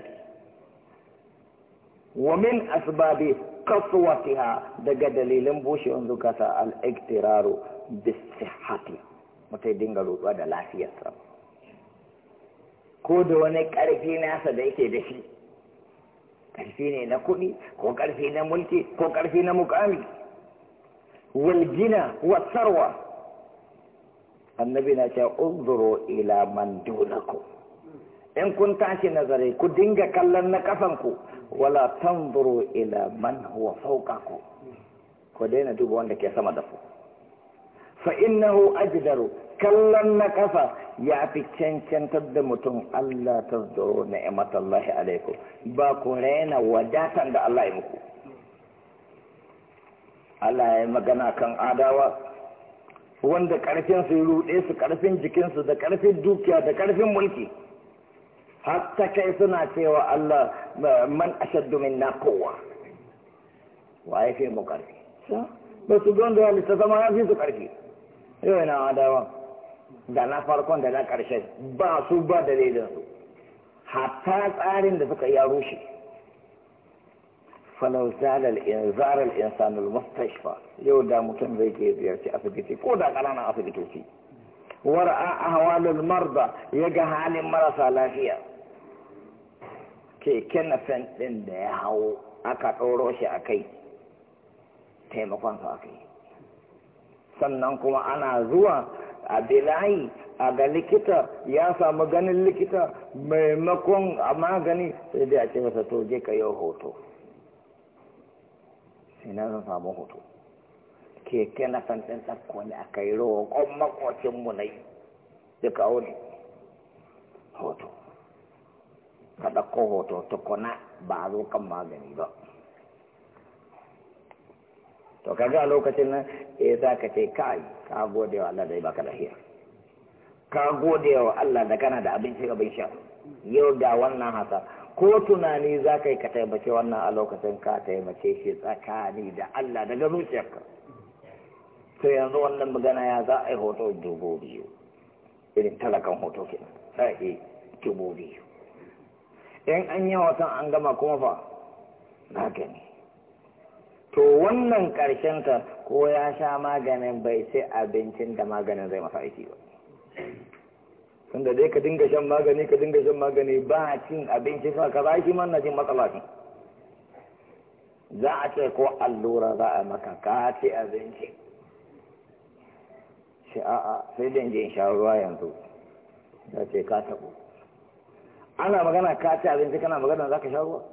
wa min asbabi kaswatiha daga dalilin bushewan zukata al-iktiraru bisihhati mutai dinga roƙa da lafiyarsa ko da wani ƙarfi nasa da yake da shi ƙarfi ne na kuɗi ko ƙarfi na mulki ko ƙarfi na mukami Wal wa wasarwa annabi na ce unzuru ila man dunakum in kun tashi nazari ku dinga kallon na kafanku wala tanzuru ila man huwa fawqakum ku daina duba wanda ke sama da ku fa innahu ajdaru kallon na kafa ya fi cancantar da mutum Allah ta zoro ni'matallahi alaikum ba ku raina wadatan da Allah ya muku Allah ya magana kan adawa wanda karfin su ruɗe su karfin jikinsu da karfin dukiya da karfin mulki hatta kai suna cewa Allah man ashaddu minna quwwa waye fi mu karfi ba su don da halitta zama ya fi su karfi yau na adawa da na farkon da na karshen ba su ba da daidan su hatta tsarin da suka ya rushe falau zalal inzaral insanul mustashfa yau da mutum zai ke ziyarci asibiti ko da ƙananan asibitoci wara'a ahwalul marda yaga halin marasa lafiya keke na fentin ɗin da ya hau aka ɗoro shi a kai taimakonsa a kai sannan kuma ana zuwa a bilayi a ga likita ya samu ganin likita maimakon a magani sai dai a ce masa to je ka yau hoto sai na zan samu hoto keke na fentin ɗin ɗakko ne a kai roƙon makocinmu na yi duka wani hoto ka ɗauko hoto tukuna ba a zo kan magani ba to kaga a lokacin nan e za ka ce kai ka gode wa Allah da ya baka lafiya ka gode wa Allah da kana da abinci abin sha yau da wannan haka ko tunani za ka yi ka taimake wannan a lokacin ka taimake shi tsakani da Allah daga zuciyarka to yanzu wannan magana ya za eh, a yi hoto dubu biyu irin talakan hoto kenan sai dubu biyu in an yi wasan an gama kuma fa na gani to wannan karshen ta ko ya sha maganin bai sai abincin da maganin zai masa aiki ba da dai ka dinga shan magani ka dinga shan magani ba cin abinci sa ka a shi man na jin matsala ne za a ce ko allura za a maka ka ci abinci sai a'a sai dan je in sha ruwa yanzu ya ce ka tabo ana magana ka ci abinci kana magana za ka sha ruwa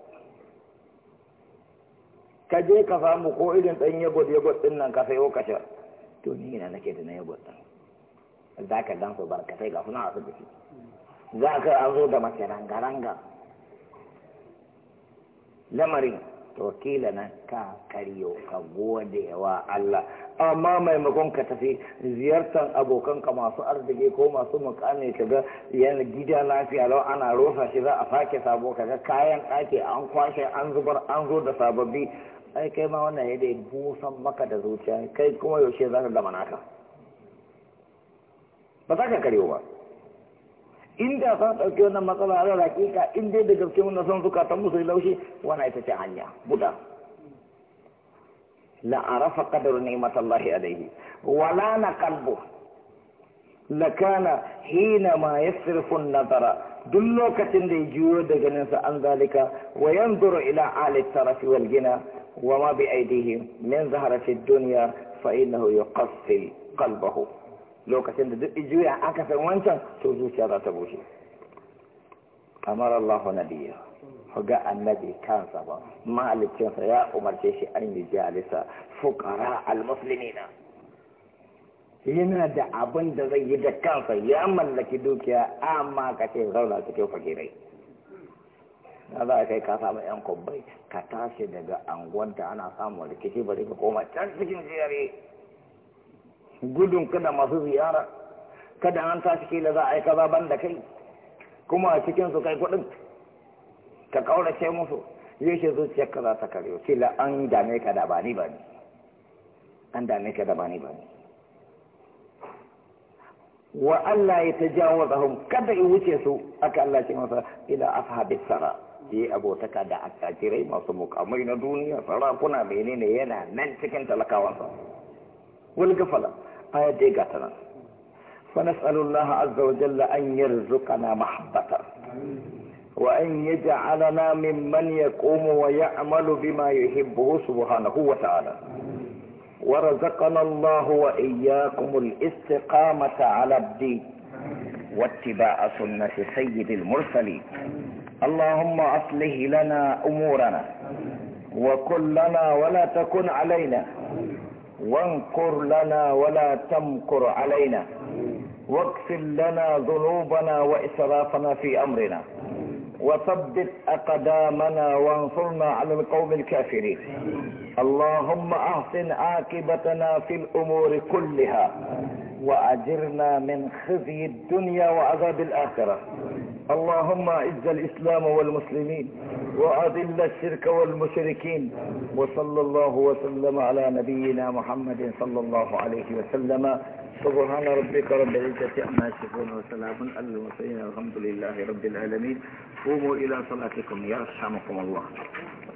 ka je ka samu ko irin ɗan yagod yagod ɗin nan ka sayo ka sha to ni ina nake da na yagod ɗin za ka gan su barkatai ga suna asibiti za ka an zo da mace ranga-ranga lamarin to kila na ka karyo ka gode wa Allah amma maimakon ka tafi ziyartar abokan ka masu arziki ko masu mukami ka ga yana gida lafiya lau ana rosa shi za a sake sabo ka ga kayan ɗaki an kwashe an zubar an zo da sababbi ai kai ma wannan yadda busan maka da zuciya kai kuma yaushe za ka gama naka ba za ka karyo ba inda san ɗauki wannan matsala a ran hakika in dai da gaske wannan son suka san musu laushi wannan ita ce hanya buda la arafa qadru ni'matallahi alayhi wala na kalbu. la kana hina ma yasrifu nazara duk lokacin da ya juyo da ganin sa an zalika wa yanzuru ila ali tarafi wal gina wa ma bi aidihim min zaharati dunya fa innahu yuqassil qalbahu lokacin da duk juya aka san wancan to zuciya za ta bushe kamar Allah Ku ga annabi kansa ba mahalicinsa ya umarce shi an yi jalisa fukara almuslimina yana da abin da zai yi da kansa ya mallaki dukiya amma ka ce zauna cikin fakirai na za kai ka samu yan kwabbai ka tashi daga anguwanta ana samun rikici bari ka koma can cikin jere gudun kada masu ziyara kada an tashi kila za a yi kaza ban da kai kuma a cikin su kai kuɗin ka ce musu yake zuciyar ka za ta karyo la an dame ka da bani bani an dame ka da bani bani wa Allah ya tajawazahum kada ya wuce su aka Allah ce masa ila ashabis sara yi abotaka da attajirai masu mukamai na duniya sarakuna menene yana nan cikin talakawansa wani gafalar آية دي قتنا فنسأل الله عز وجل أن يرزقنا محبة وأن يجعلنا ممن يقوم ويعمل بما يحبه سبحانه وتعالى ورزقنا الله وإياكم الاستقامة على الدين واتباع سنة سيد المرسلين اللهم أصلح لنا أمورنا وكلنا ولا تكن علينا وانكر لنا ولا تمكر علينا واغفر لنا ذنوبنا وإسرافنا في أمرنا وثبت أقدامنا وانصرنا على القوم الكافرين اللهم أحسن عاقبتنا في الأمور كلها وأجرنا من خزي الدنيا وعذاب الآخرة اللهم اعز الإسلام والمسلمين وأذل الشرك والمشركين وصلى الله وسلم على نبينا محمد صلى الله عليه وسلم سبحان ربك رب العزة عما يصفون وسلام على المرسلين والحمد لله رب العالمين قوموا إلى صلاتكم يرحمكم الله